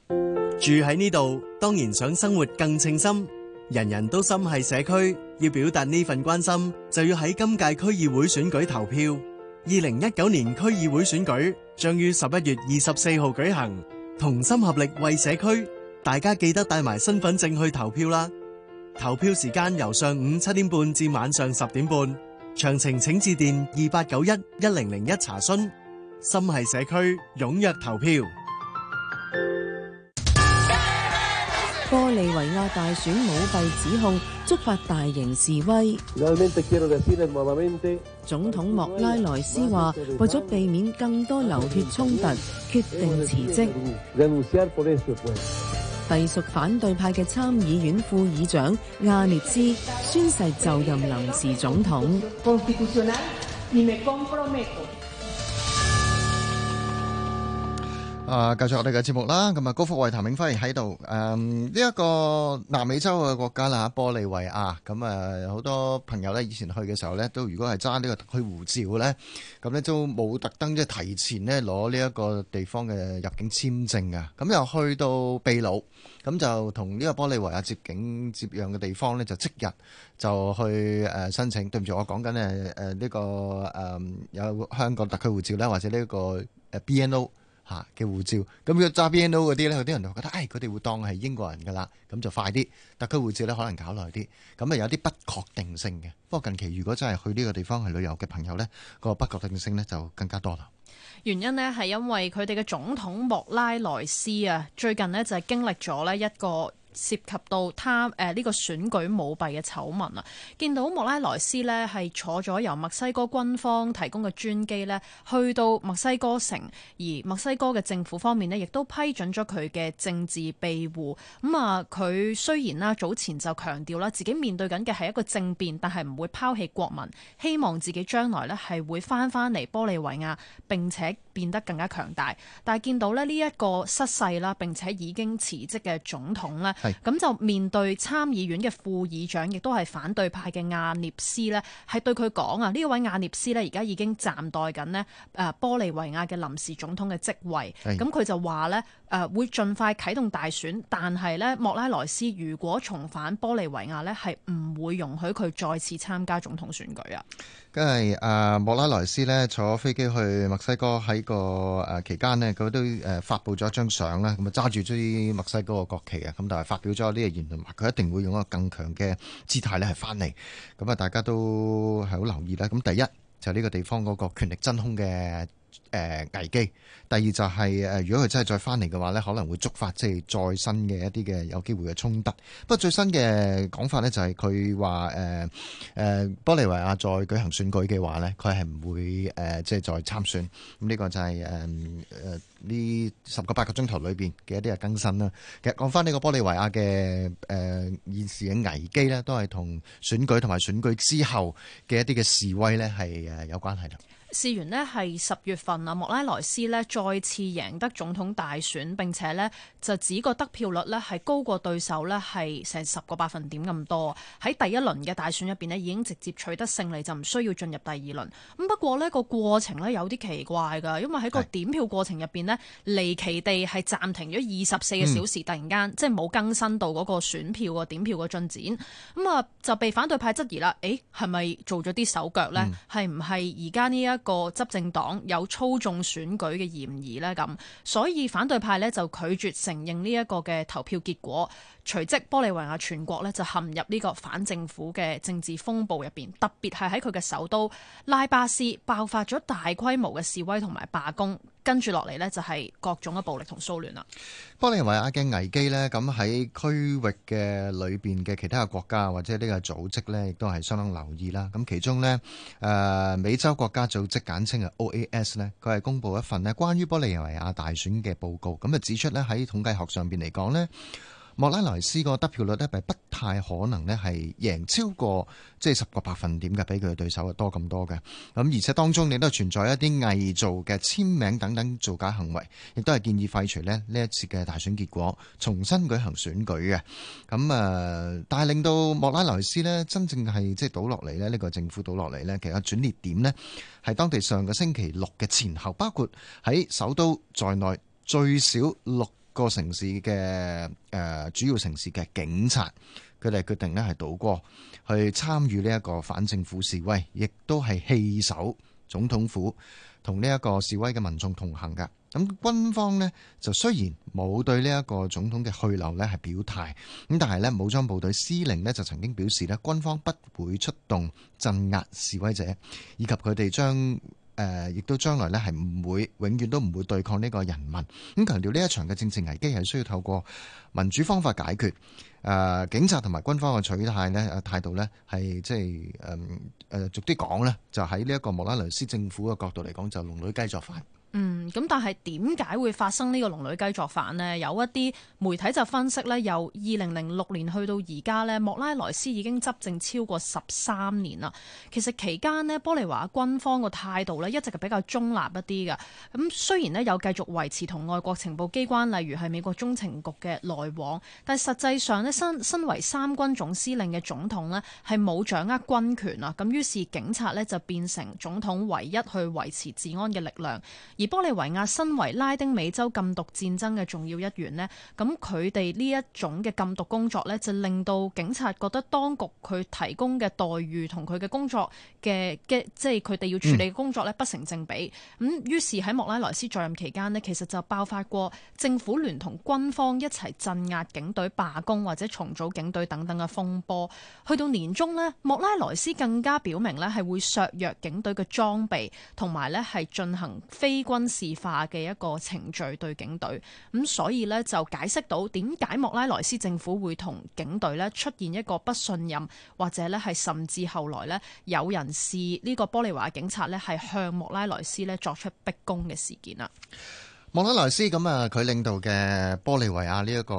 S7: 住喺呢度當然想生活更稱心，人人都心繫社區，要表達呢份關心，就要喺今屆區議會選舉投票。二零一九年區議會選舉將於十一月二十四號舉行，同心合力為社區。大家記得帶埋身份證去投票啦！投票時間由上午七點半至晚上十點半，詳情請致電二八九一一零零一查詢。
S8: 心繫社區，踴躍投票。玻利維亞大選舞弊指控觸發大型示威。總統莫拉萊斯話：為咗避免更多流血衝突，決定辭職。隸屬反對派嘅參議院副議長亞涅茲宣誓就任臨時總統。
S7: 啊，繼續我哋嘅節目啦，咁啊，高福慧、譚永輝喺度。誒、呃，呢、這、一個南美洲嘅國家啦，玻利維亞。咁啊，好多朋友咧，以前去嘅時候咧，都如果係揸呢個特區護照咧，咁咧都冇特登即係提前咧攞呢一個地方嘅入境簽證啊。咁又去到秘魯，咁就同呢個玻利維亞接境接壤嘅地方咧，就即日就去誒申請。對唔住，我講緊誒誒呢個誒有、呃、香港特區護照咧，或者呢個誒 BNO。嚇嘅護照，咁佢揸 BNO 嗰啲咧，有啲人就覺得，唉、哎，佢哋會當係英國人噶啦，咁就快啲，特區護照咧可能搞耐啲，咁啊有啲不確定性嘅。不過近期如果真係去呢個地方去旅遊嘅朋友咧，個不確定性咧就更加多啦。
S5: 原因呢係因為佢哋嘅總統莫拉萊斯啊，最近呢就係經歷咗咧一個。涉及到他誒呢、呃這個選舉舞弊嘅醜聞啊！見到莫拉萊斯咧，係坐咗由墨西哥軍方提供嘅專機咧，去到墨西哥城，而墨西哥嘅政府方面咧，亦都批准咗佢嘅政治庇護，咁、嗯、啊，佢雖然啦早前就強調啦自己面對緊嘅係一個政變，但係唔會拋棄國民，希望自己將來咧係會翻翻嚟玻利維亞，並且變得更加強大。但係見到咧呢一、這個失勢啦並且已經辭職嘅總統咧。咁就是面對參議院嘅副議長，亦都係反對派嘅亞涅斯呢係對佢講啊！呢位亞涅斯呢，而家已經暫代緊呢誒玻利維亞嘅臨時總統嘅職位。咁佢是就話呢。誒會盡快啟動大選，但係咧，莫拉萊斯如果重返玻利維亞呢係唔會容許佢再次參加總統選舉啊！因
S7: 為誒莫拉萊斯呢，坐飛機去墨西哥喺個誒期間呢，佢都誒發布咗一張相啦，咁啊揸住啲墨西哥嘅國旗啊，咁但係發表咗呢個，言論話佢一定會用一個更強嘅姿態咧係翻嚟，咁啊大家都係好留意啦。咁第一就係呢個地方嗰個權力真空嘅，誒，危機。第二就係誒，如果佢真係再翻嚟嘅話咧，可能會觸發即係再新嘅一啲嘅有機會嘅衝突。不過最新嘅講法咧就係佢話誒誒，玻利維亞再舉行選舉嘅話咧，佢係唔會誒即係再參選。咁呢個就係誒誒呢十個八個鐘頭裏邊嘅一啲嘅更新啦。其實講翻呢個玻利維亞嘅誒現時嘅危機咧，都係同選舉同埋選舉之後嘅一啲嘅示威咧係誒有關係啦。
S5: 事源呢係十月份啊，莫拉萊斯呢再次贏得總統大選，並且呢就只個得票率呢係高過對手呢係成十個百分點咁多，喺第一輪嘅大選入邊呢，已經直接取得勝利，就唔需要進入第二輪。咁不過呢、這個過程呢有啲奇怪㗎，因為喺個點票過程入邊呢，離是奇地係暫停咗二十四個小時，嗯、突然間即係冇更新到嗰個選票個點票個進展，咁、嗯、啊就被反對派質疑啦，誒係咪做咗啲手腳呢？係唔係而家呢一？是個執政黨有操縱選舉嘅嫌疑咧，咁所以反對派呢就拒絕承認呢一個嘅投票結果，隨即玻利維亞全國呢就陷入，呢個反政府嘅政治風暴入邊，特別係喺佢嘅首都拉巴斯爆發咗大規模嘅示威同埋罷工。跟住落嚟呢，就係各種嘅暴力同騷亂啦。
S7: 玻利維亞嘅危機呢，咁喺區域嘅裏邊嘅其他嘅國家或者呢個組織呢，亦都係相當留意啦。咁其中呢，誒美洲國家組織簡稱啊 OAS 呢，佢係公布一份呢關於玻利維亞大選嘅報告，咁就指出呢，喺統計學上邊嚟講呢。莫拉萊斯個得票率呢，係不太可能呢，係贏超過即係十個百分點嘅，比佢嘅對手多咁多嘅。咁而且當中你都存在一啲偽造嘅簽名等等造假行為，亦都係建議廢除呢呢一次嘅大選結果，重新舉行選舉嘅。咁誒，但係令到莫拉萊斯呢，真正係即係倒落嚟呢，呢個政府倒落嚟呢，其實轉捩點呢，係當地上個星期六嘅前後，包括喺首都在內最少六。個城市嘅誒、呃、主要城市嘅警察，佢哋決定呢係倒過去參與呢一個反政府示威，亦都係棄守總統府同呢一個示威嘅民眾同行㗎。咁軍方呢，就雖然冇對呢一個總統嘅去留呢係表態，咁但係呢，武裝部隊司令呢，就曾經表示呢軍方不會出動鎮壓示威者，以及佢哋將。誒，亦都將來咧係唔會永遠都唔會對抗呢個人民。咁強調呢一場嘅政治危機係需要透過民主方法解決。誒、呃，警察同埋軍方嘅取態咧，態度咧係即係誒誒逐啲講啦。就喺呢一個莫拉雷斯政府嘅角度嚟講，就龍女繼作法。
S5: 嗯，咁但係點解會發生個呢個龍女雞作反咧？有一啲媒體就分析咧，由二零零六年去到而家咧，莫拉萊斯已經執政超過十三年啦。其實期間咧，玻利華軍方嘅態度咧一直係比較中立一啲嘅。咁雖然咧有繼續維持同外國情報機關，例如係美國中情局嘅來往，但係實際上咧身身為三軍總司令嘅總統咧係冇掌握軍權啊。咁於是警察咧就變成總統唯一去維持治安嘅力量，玻利維亞身為拉丁美洲禁毒戰爭嘅重要一員呢，咁佢哋呢一種嘅禁毒工作呢，就令到警察覺得當局佢提供嘅待遇同佢嘅工作嘅，即係佢哋要處理嘅工作呢不成正比。咁、嗯、於是喺莫拉萊斯在任期間呢，其實就爆發過政府聯同軍方一齊鎮壓警隊罷工或者重組警隊等等嘅風波。去到年中呢，莫拉萊斯更加表明呢係會削弱警隊嘅裝備，同埋呢係進行非。軍事化嘅一個程序對警隊，咁所以呢，就解釋到點解莫拉萊斯政府會同警隊呢出現一個不信任，或者呢，係甚至後來呢，有人試呢個玻利華警察呢係向莫拉萊斯呢作出逼宮嘅事件啦。
S7: 莫德萊斯咁啊，佢領導嘅玻利維亞呢一個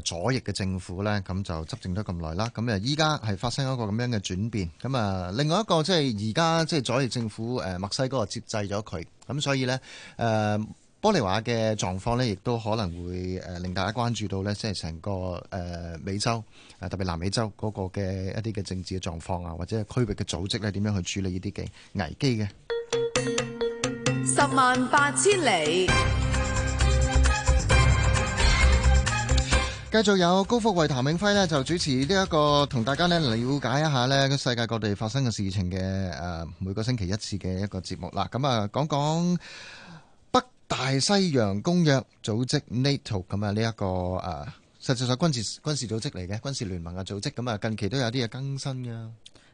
S7: 誒左翼嘅政府咧，咁就執政咗咁耐啦。咁啊，依家係發生一個咁樣嘅轉變。咁啊，另外一個即係而家即係左翼政府誒，墨西哥接濟咗佢。咁所以咧，誒玻利維亞嘅狀況咧，亦都可能會誒令大家關注到咧，即係成個誒美洲誒特別南美洲嗰個嘅一啲嘅政治嘅狀況啊，或者區域嘅組織咧，點樣去處理呢啲嘅危機嘅。
S8: 十萬八千里，繼續
S7: 有高福為譚永輝呢就主持呢、這、一個同大家呢了解一下呢世界各地發生嘅事情嘅誒、啊，每個星期一次嘅一個節目啦。咁啊，講、啊、講北大西洋公約組織 （NATO） 咁啊呢一、這個誒、啊，實際上軍事軍事組織嚟嘅軍事聯盟嘅組織。咁啊，近期都有啲嘢更新嘅。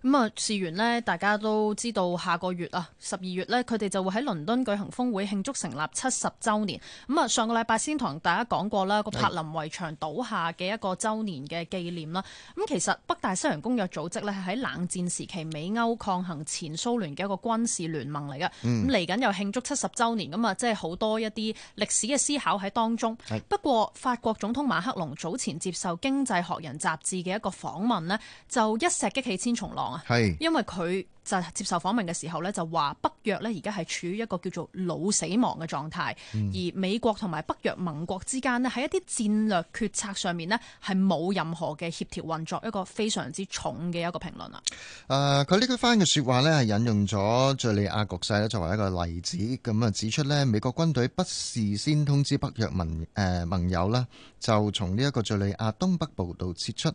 S5: 咁啊，事緣呢，大家都知道下個月啊，十二月呢，佢哋就會喺倫敦舉行峰會，慶祝成立七十週年。咁啊，上個禮拜先同大家講過啦，個柏林圍牆倒下嘅一個週年嘅紀念啦。咁其實北大西洋公約組織呢，係喺冷戰時期美歐抗衡前蘇聯嘅一個軍事聯盟嚟嘅。咁嚟緊又慶祝七十週年，咁啊，即係好多一啲歷史嘅思考喺當中。不過法國總統馬克龍早前接受《經濟學人》雜誌嘅一個訪問呢，就一石激起千重浪。係，是因為佢就接受訪問嘅時候呢就話北約呢而家係處於一個叫做腦死亡嘅狀態，嗯、而美國同埋北約盟國之間呢喺一啲戰略決策上面呢係冇任何嘅協調運作，一個非常之重嘅一個評論啦。
S7: 誒、呃，佢呢句番嘅說話呢，係引用咗敘利亞局勢咧作為一個例子，咁啊指出呢美國軍隊不事先通知北約盟誒、呃、盟友呢就從呢一個敘利亞東北部度撤出，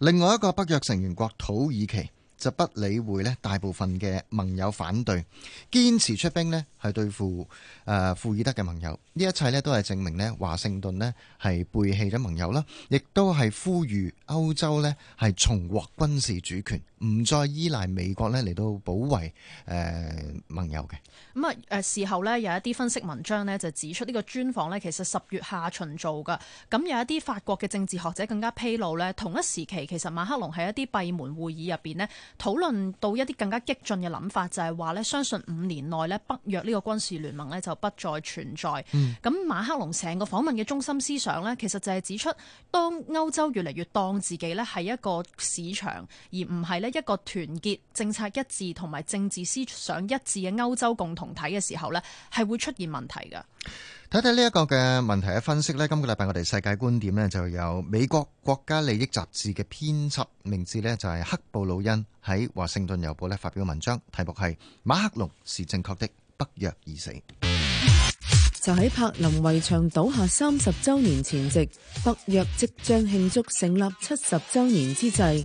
S7: 另外一個北約成員國土耳其。就不理會咧，大部分嘅盟友反對，堅持出兵呢，係對付誒庫爾德嘅盟友。呢一切呢都係證明呢，華盛頓呢係背棄咗盟友啦，亦都係呼籲歐洲呢係重獲軍事主權。唔再依賴美國咧嚟到保衛誒、呃、盟友嘅。
S5: 咁啊誒事後咧，有一啲分析文章咧就指出呢個專訪咧其實十月下旬做噶，咁有一啲法國嘅政治學者更加披露咧，同一時期其實馬克龍喺一啲閉門會議入邊咧討論到一啲更加激進嘅諗法，就係話咧相信五年內咧北約呢個軍事聯盟咧就不再存在。咁、嗯、馬克龍成個訪問嘅中心思想咧其實就係指出當歐洲越嚟越當自己咧係一個市場，而唔係咧。一個團結、政策一致同埋政治思想一致嘅歐洲共同體嘅時候呢係會出現問題噶。
S7: 睇睇呢一個嘅問題嘅分析呢，今個禮拜我哋世界觀點呢，就有美國國家利益雜誌嘅編輯，名字呢就係黑布魯恩喺華盛頓郵報呢發表文章，題目係馬克龍是正確的，北約已死。
S8: 就喺柏林圍牆倒下三十周年前夕，北約即將慶祝成立七十周年之際。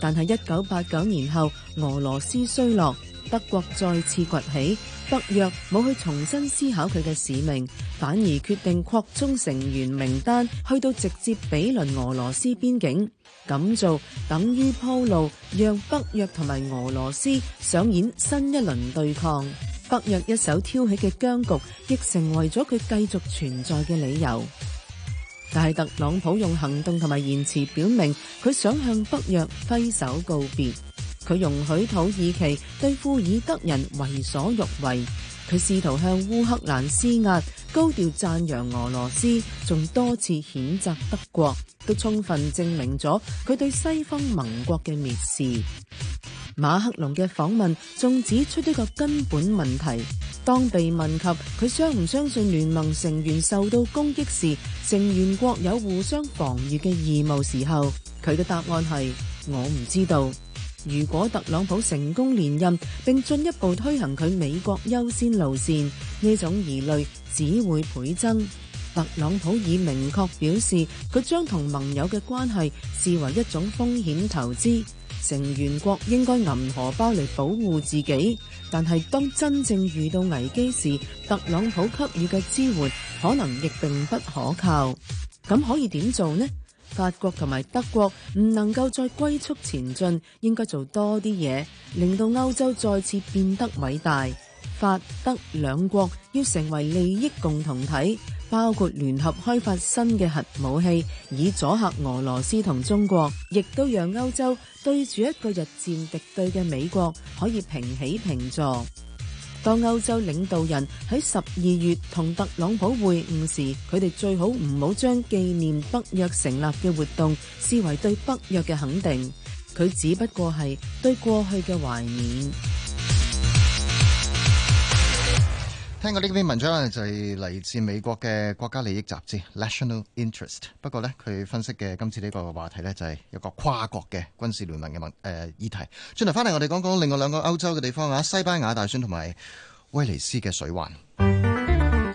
S8: 但係一九八九年後，俄羅斯衰落，德國再次崛起，北約冇去重新思考佢嘅使命，反而決定擴充成員名單，去到直接比鄰俄羅斯邊境。咁做等於鋪路，讓北約同埋俄羅斯上演新一輪對抗。北約一手挑起嘅僵局，亦成為咗佢繼續存在嘅理由。但係特朗普用行動同埋言辭表明，佢想向北約揮手告別。佢容許土耳其對庫爾德人為所欲為，佢試圖向烏克蘭施壓，高調讚揚俄羅斯，仲多次譴責德國，都充分證明咗佢對西方盟國嘅蔑視。馬克龍嘅訪問仲指出一個根本問題：當被問及佢相唔相信聯盟成員受到攻擊時，成員國有互相防禦嘅義務時候，佢嘅答案係我唔知道。如果特朗普成功連任，並進一步推行佢美國優先路線，呢種疑慮只會倍增。特朗普已明確表示，佢將同盟友嘅關係視為一種風險投資。成員國應該銀荷包嚟保護自己，但係當真正遇到危機時，特朗普給予嘅支援可能亦並不可靠。咁可以點做呢？法國同埋德國唔能夠再龜速前進，應該做多啲嘢，令到歐洲再次變得偉大。法德兩國要成為利益共同體。包括聯合開發新嘅核武器，以阻嚇俄羅斯同中國，亦都讓歐洲對住一個日漸敵對嘅美國可以平起平坐。當歐洲領導人喺十二月同特朗普會晤時，佢哋最好唔好將紀念北約成立嘅活動視為對北約嘅肯定，佢只不過係對過去嘅懷念。聽
S7: 過呢篇文章就係嚟自美國嘅國家利益雜誌 National Interest，不過咧佢分析嘅今次呢個話題咧就係有個跨國嘅軍事聯盟嘅文誒議題。轉頭翻嚟我哋講講另外兩個歐洲嘅地方啊，西班牙大選同埋威尼斯嘅水患。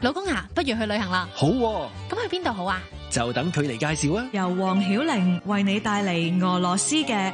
S3: 老公啊，不如去旅行啦！
S7: 好，
S3: 咁去邊度好啊？
S7: 就等佢嚟介紹啊！
S3: 由黃曉玲為你帶嚟俄
S9: 羅斯嘅。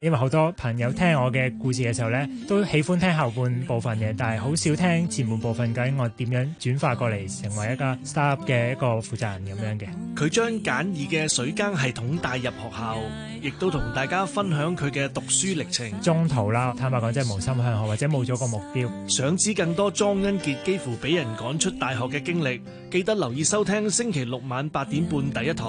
S2: 因為好多朋友聽我嘅故事嘅時候呢，都喜歡聽後半部分嘅，但係好少聽前半部分。究竟我點樣轉化過嚟成為一個 startup 嘅一個負責人咁樣嘅？佢將簡易嘅水耕系統帶入學校，亦都同大家分享佢嘅讀書歷程。中途啦，坦白講真係無心向學，或者冇咗個目標。想知更多莊恩傑幾乎俾人趕出大學嘅經歷，記得留意收聽星期六晚八點半第一台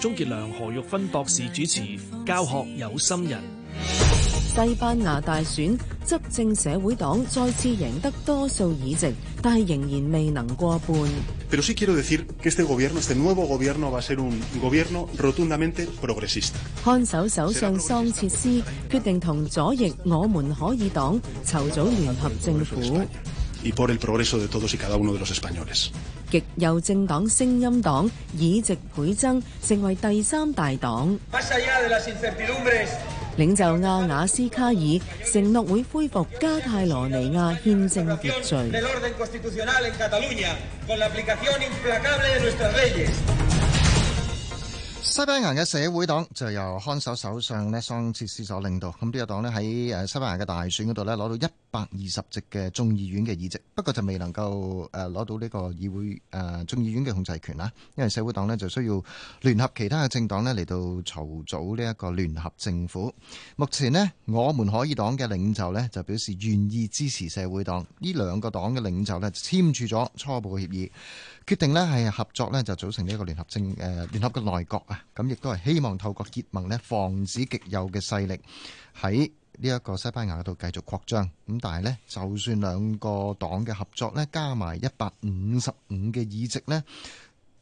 S2: 鍾杰良、何玉芬博士主持，教學有心人。
S8: 西班牙大選，執政社會黨再次贏得多數議席，但係仍然未能過半。
S4: Sí、este gobierno, este
S8: 看守首相桑切斯決定同左翼“我們可以黨”黨籌組聯合政府。極右政黨聲音黨議席倍增，成為第三大黨。領袖亞瓦斯卡爾承諾會恢復加泰羅尼亞憲政秩序。西班牙嘅社
S7: 會黨就由看守首相呢桑切斯所領導，咁呢個黨呢喺誒西班牙嘅大選嗰度呢攞到一百二十席嘅眾議院嘅議席，不過就未能夠誒攞、呃、到呢個議會誒、呃、眾議院嘅控制權啦，因為社會黨呢就需要聯合其他嘅政黨呢嚟到籌組呢一個聯合政府。目前呢，我們可以黨嘅領袖呢就表示願意支持社會黨，呢兩個黨嘅領袖呢簽署咗初步協議。決定咧係合作咧，就組成呢一個聯合政誒、呃、聯合嘅內閣啊！咁亦都係希望透過結盟咧，防止極右嘅勢力喺呢一個西班牙度繼續擴張。咁但係咧係，就算兩個黨嘅合作咧，加埋一百五十五嘅議席咧，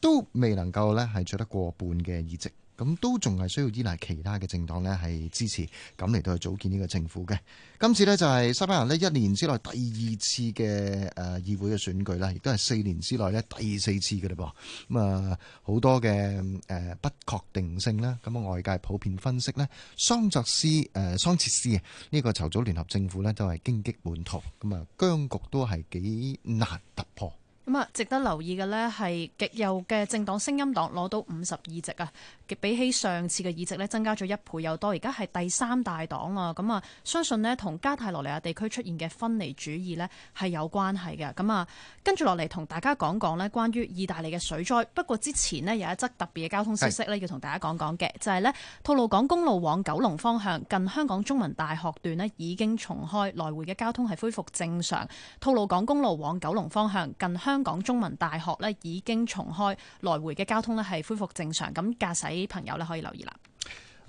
S7: 都未能夠咧係取得過半嘅議席。咁都仲係需要依賴其他嘅政黨呢，係支持咁嚟到去組建呢個政府嘅。今次呢，就係、是、西班牙咧一年之內第二次嘅誒、呃、議會嘅選舉啦，亦都係四年之內咧第四次嘅嘞噃。咁啊好多嘅誒、呃、不確定性啦，咁、嗯、啊外界普遍分析呢，桑澤斯誒桑切斯啊呢個籌組聯合政府呢，就係荊棘滿途，咁、嗯、啊僵局都係幾難突破。
S5: 咁啊，值得留意嘅咧，係極右嘅政黨聲音黨攞到五十二席啊，比起上次嘅議席咧，增加咗一倍又多，而家係第三大黨啊！咁啊，相信咧同加泰羅尼亞地區出現嘅分離主義咧係有關係嘅。咁啊，跟住落嚟同大家講講咧，關於意大利嘅水災，不過之前咧有一則特別嘅交通消息咧，要同大家講講嘅，是就係、是、咧，吐露港公路往九龍方向近香港中文大學段咧已經重開，來回嘅交通係恢復正常。吐露港公路往九龍方向近香香港中文大學咧已經重開，來回嘅交通咧係恢復正常，咁駕駛朋友咧可以留意啦。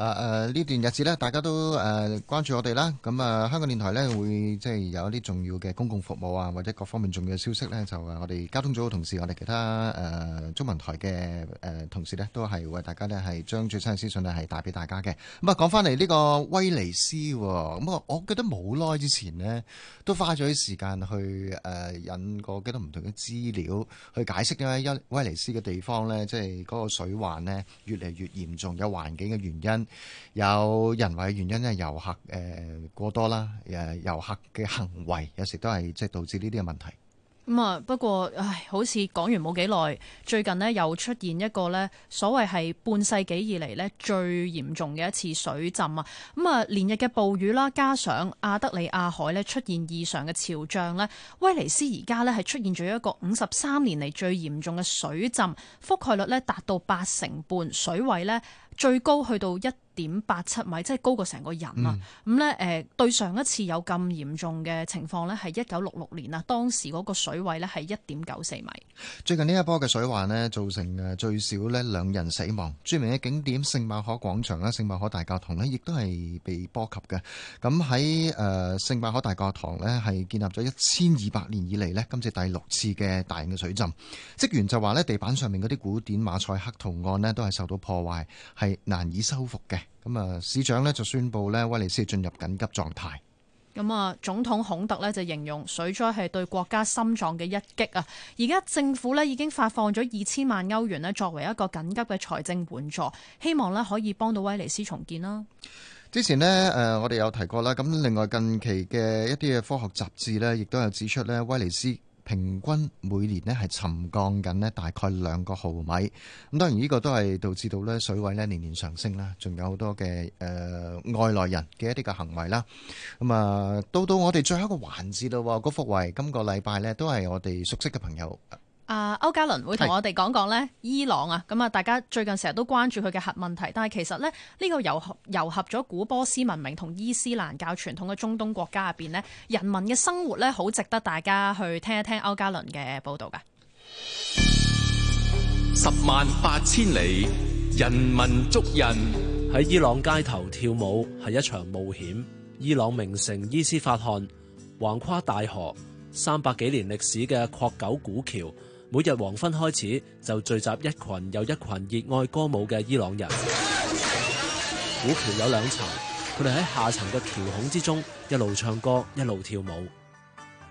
S7: 啊誒呢段日子咧，大家都誒關注我哋啦。咁啊，香港電台咧會即係有一啲重要嘅公共服務啊，或者各方面重要嘅消息呢，就係我哋交通組嘅同事，我哋其他誒中文台嘅誒同事呢，都係為大家呢係將最新嘅資訊呢係帶俾大家嘅。咁啊，講翻嚟呢個威尼斯喎，咁啊，我記得冇耐之前呢，都花咗啲時間去誒引過幾多唔同嘅資料去解釋呢一威尼斯嘅地方呢，即係嗰個水患呢，越嚟越嚴重，有環境嘅原因。有人為原因，因為遊客誒過多啦，誒遊客嘅行為有時都係即係導致呢啲嘅問題。
S5: 咁啊、嗯，不過唉，好似講完冇幾耐，最近呢又出現一個呢所謂係半世紀以嚟呢最嚴重嘅一次水浸啊！咁、嗯、啊，連日嘅暴雨啦，加上亞得里亞海呢出現異常嘅潮漲咧，威尼斯而家呢係出現咗一個五十三年嚟最嚴重嘅水浸，覆蓋率呢達到八成半，水位呢，最高去到一。點八七米，即係高過成個人啦。咁咧，誒，對上一次有咁嚴重嘅情況咧，係一九六六年啊，當時嗰個水位咧係一點九四米。
S7: 最近呢一波嘅水患咧，造成誒最少咧兩人死亡。著名嘅景點聖馬可廣場啦、聖馬可大教堂咧，亦都係被波及嘅。咁喺誒聖馬可大教堂咧，係建立咗一千二百年以嚟咧，今次第六次嘅大型嘅水浸。職員就話咧，地板上面嗰啲古典馬賽克圖案咧，都係受到破壞，係難以修復嘅。咁啊，市長咧就宣布咧，威尼斯進入緊急狀態。
S5: 咁啊，總統孔特咧就形容水災係對國家心臟嘅一擊啊。而家政府咧已經發放咗二千萬歐元咧，作為一個緊急嘅財政援助，希望咧可以幫到威尼斯重建啦。
S7: 之前咧，誒，我哋有提過啦。咁另外近期嘅一啲嘅科學雜誌咧，亦都有指出咧，威尼斯。平均每年呢係沉降緊呢大概兩個毫米，咁當然呢個都係導致到呢水位呢年年上升啦，仲有好多嘅誒、呃、外來人嘅一啲嘅行為啦，咁、嗯、啊，到到我哋最後一個環節啦，郭福慧，今個禮拜呢都係我哋熟悉嘅朋友。
S3: 啊，
S5: 歐嘉倫會同我哋講講咧，是伊朗啊，咁啊，大家最近成日都關注佢嘅核問題，但係其實咧呢、這個融合融合咗古波斯文明同伊斯蘭教傳統嘅中東國家入邊咧，人民嘅生活咧，好值得大家去聽一聽歐嘉倫嘅報道噶。
S4: 十萬八千里，人民足印。
S2: 喺伊朗街頭跳舞係一場冒險。伊朗名城伊斯法罕，橫跨大河，三百幾年歷史嘅擴九古橋。每日黃昏開始就聚集一群又一群熱愛歌舞嘅伊朗人。古橋有兩層，佢哋喺下層嘅橋孔之中一路唱歌一路跳舞。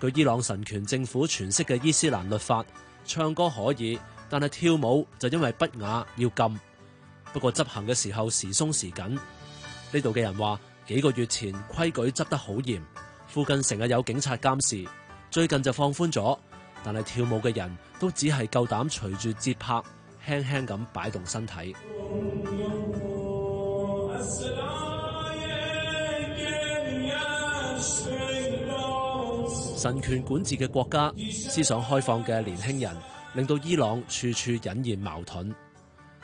S2: 據伊朗神權政府詮釋嘅伊斯蘭律法，唱歌可以，但係跳舞就因為不雅要禁。不過執行嘅時候時鬆時緊。呢度嘅人話幾個月前規矩執得好嚴，附近成日有警察監視。最近就放寬咗，但係跳舞嘅人，都只係夠膽隨住節拍輕輕咁擺動身體。
S6: 神
S2: 權管治嘅國家，思想開放嘅年輕人，令到伊朗處處隱現矛盾。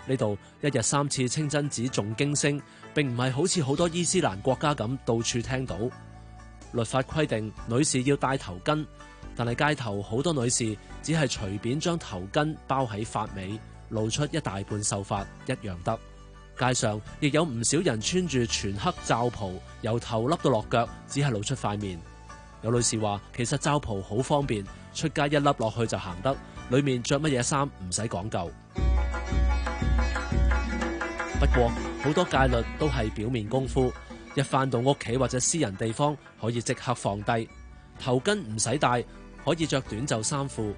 S2: 呢度一日三次清真寺重經聲，並唔係好似好多伊斯蘭國家咁到處聽到。律法規定女士要戴頭巾，但係街頭好多女士。只係隨便將頭巾包喺髮尾，露出一大半秀髮，一樣得。街上亦有唔少人穿住全黑罩袍，由頭笠到落腳，只係露出塊面。有女士話：其實罩袍好方便，出街一笠落去就行得。裏面着乜嘢衫唔使講究。不過好多戒律都係表面功夫，一返到屋企或者私人地方可以即刻放低頭巾，唔使戴，可以着短袖衫褲。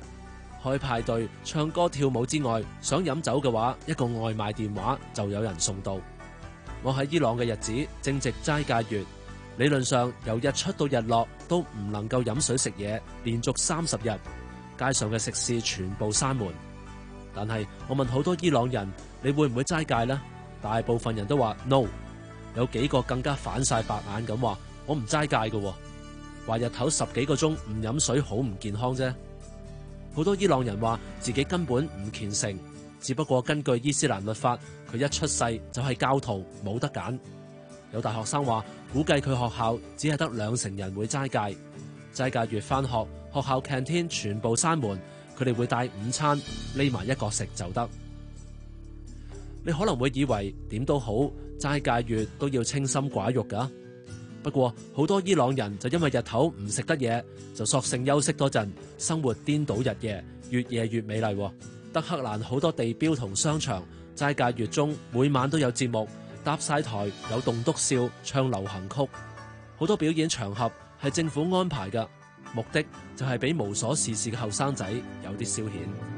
S2: 開派對、唱歌跳舞之外，想飲酒嘅話，一個外賣電話就有人送到。我喺伊朗嘅日子正值齋戒月，理論上由日出到日落都唔能夠飲水食嘢，連續三十日，街上嘅食肆全部閂門。但係我問好多伊朗人，你會唔會齋戒呢？大部分人都話 no，有幾個更加反晒白眼咁話，我唔齋戒嘅，話日頭十幾個鐘唔飲水好唔健康啫。好多伊朗人話自己根本唔虔誠，只不過根據伊斯蘭律法，佢一出世就係教徒，冇得揀。有大學生話，估計佢學校只係得兩成人會齋戒，齋戒月翻學，學校 canteen 全部閂門，佢哋會帶午餐匿埋一角食就得。你可能會以為點都好，齋戒月都要清心寡欲㗎。不過好多伊朗人就因為日頭唔食得嘢，就索性休息多陣，生活顛倒日夜，越夜越美麗。德黑蘭好多地標同商場齋戒月中每晚都有節目，搭晒台有棟篤笑、唱流行曲，好多表演場合係政府安排嘅，目的就係俾無所事事嘅後生仔有啲消遣。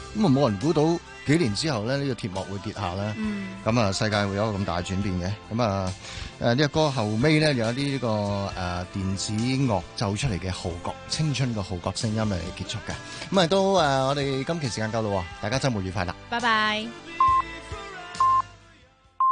S7: 咁啊，冇人估到幾年之後咧，呢個鐵幕會跌下啦。咁啊、嗯，世界會有一個咁大轉變嘅。咁啊，誒、這、呢個歌後尾咧、這個，有一啲呢個誒電子樂奏出嚟嘅號角，青春嘅號角聲音嚟結束嘅。咁啊，都誒，我哋今期時間夠啦，大家周末愉快啦，
S6: 拜拜。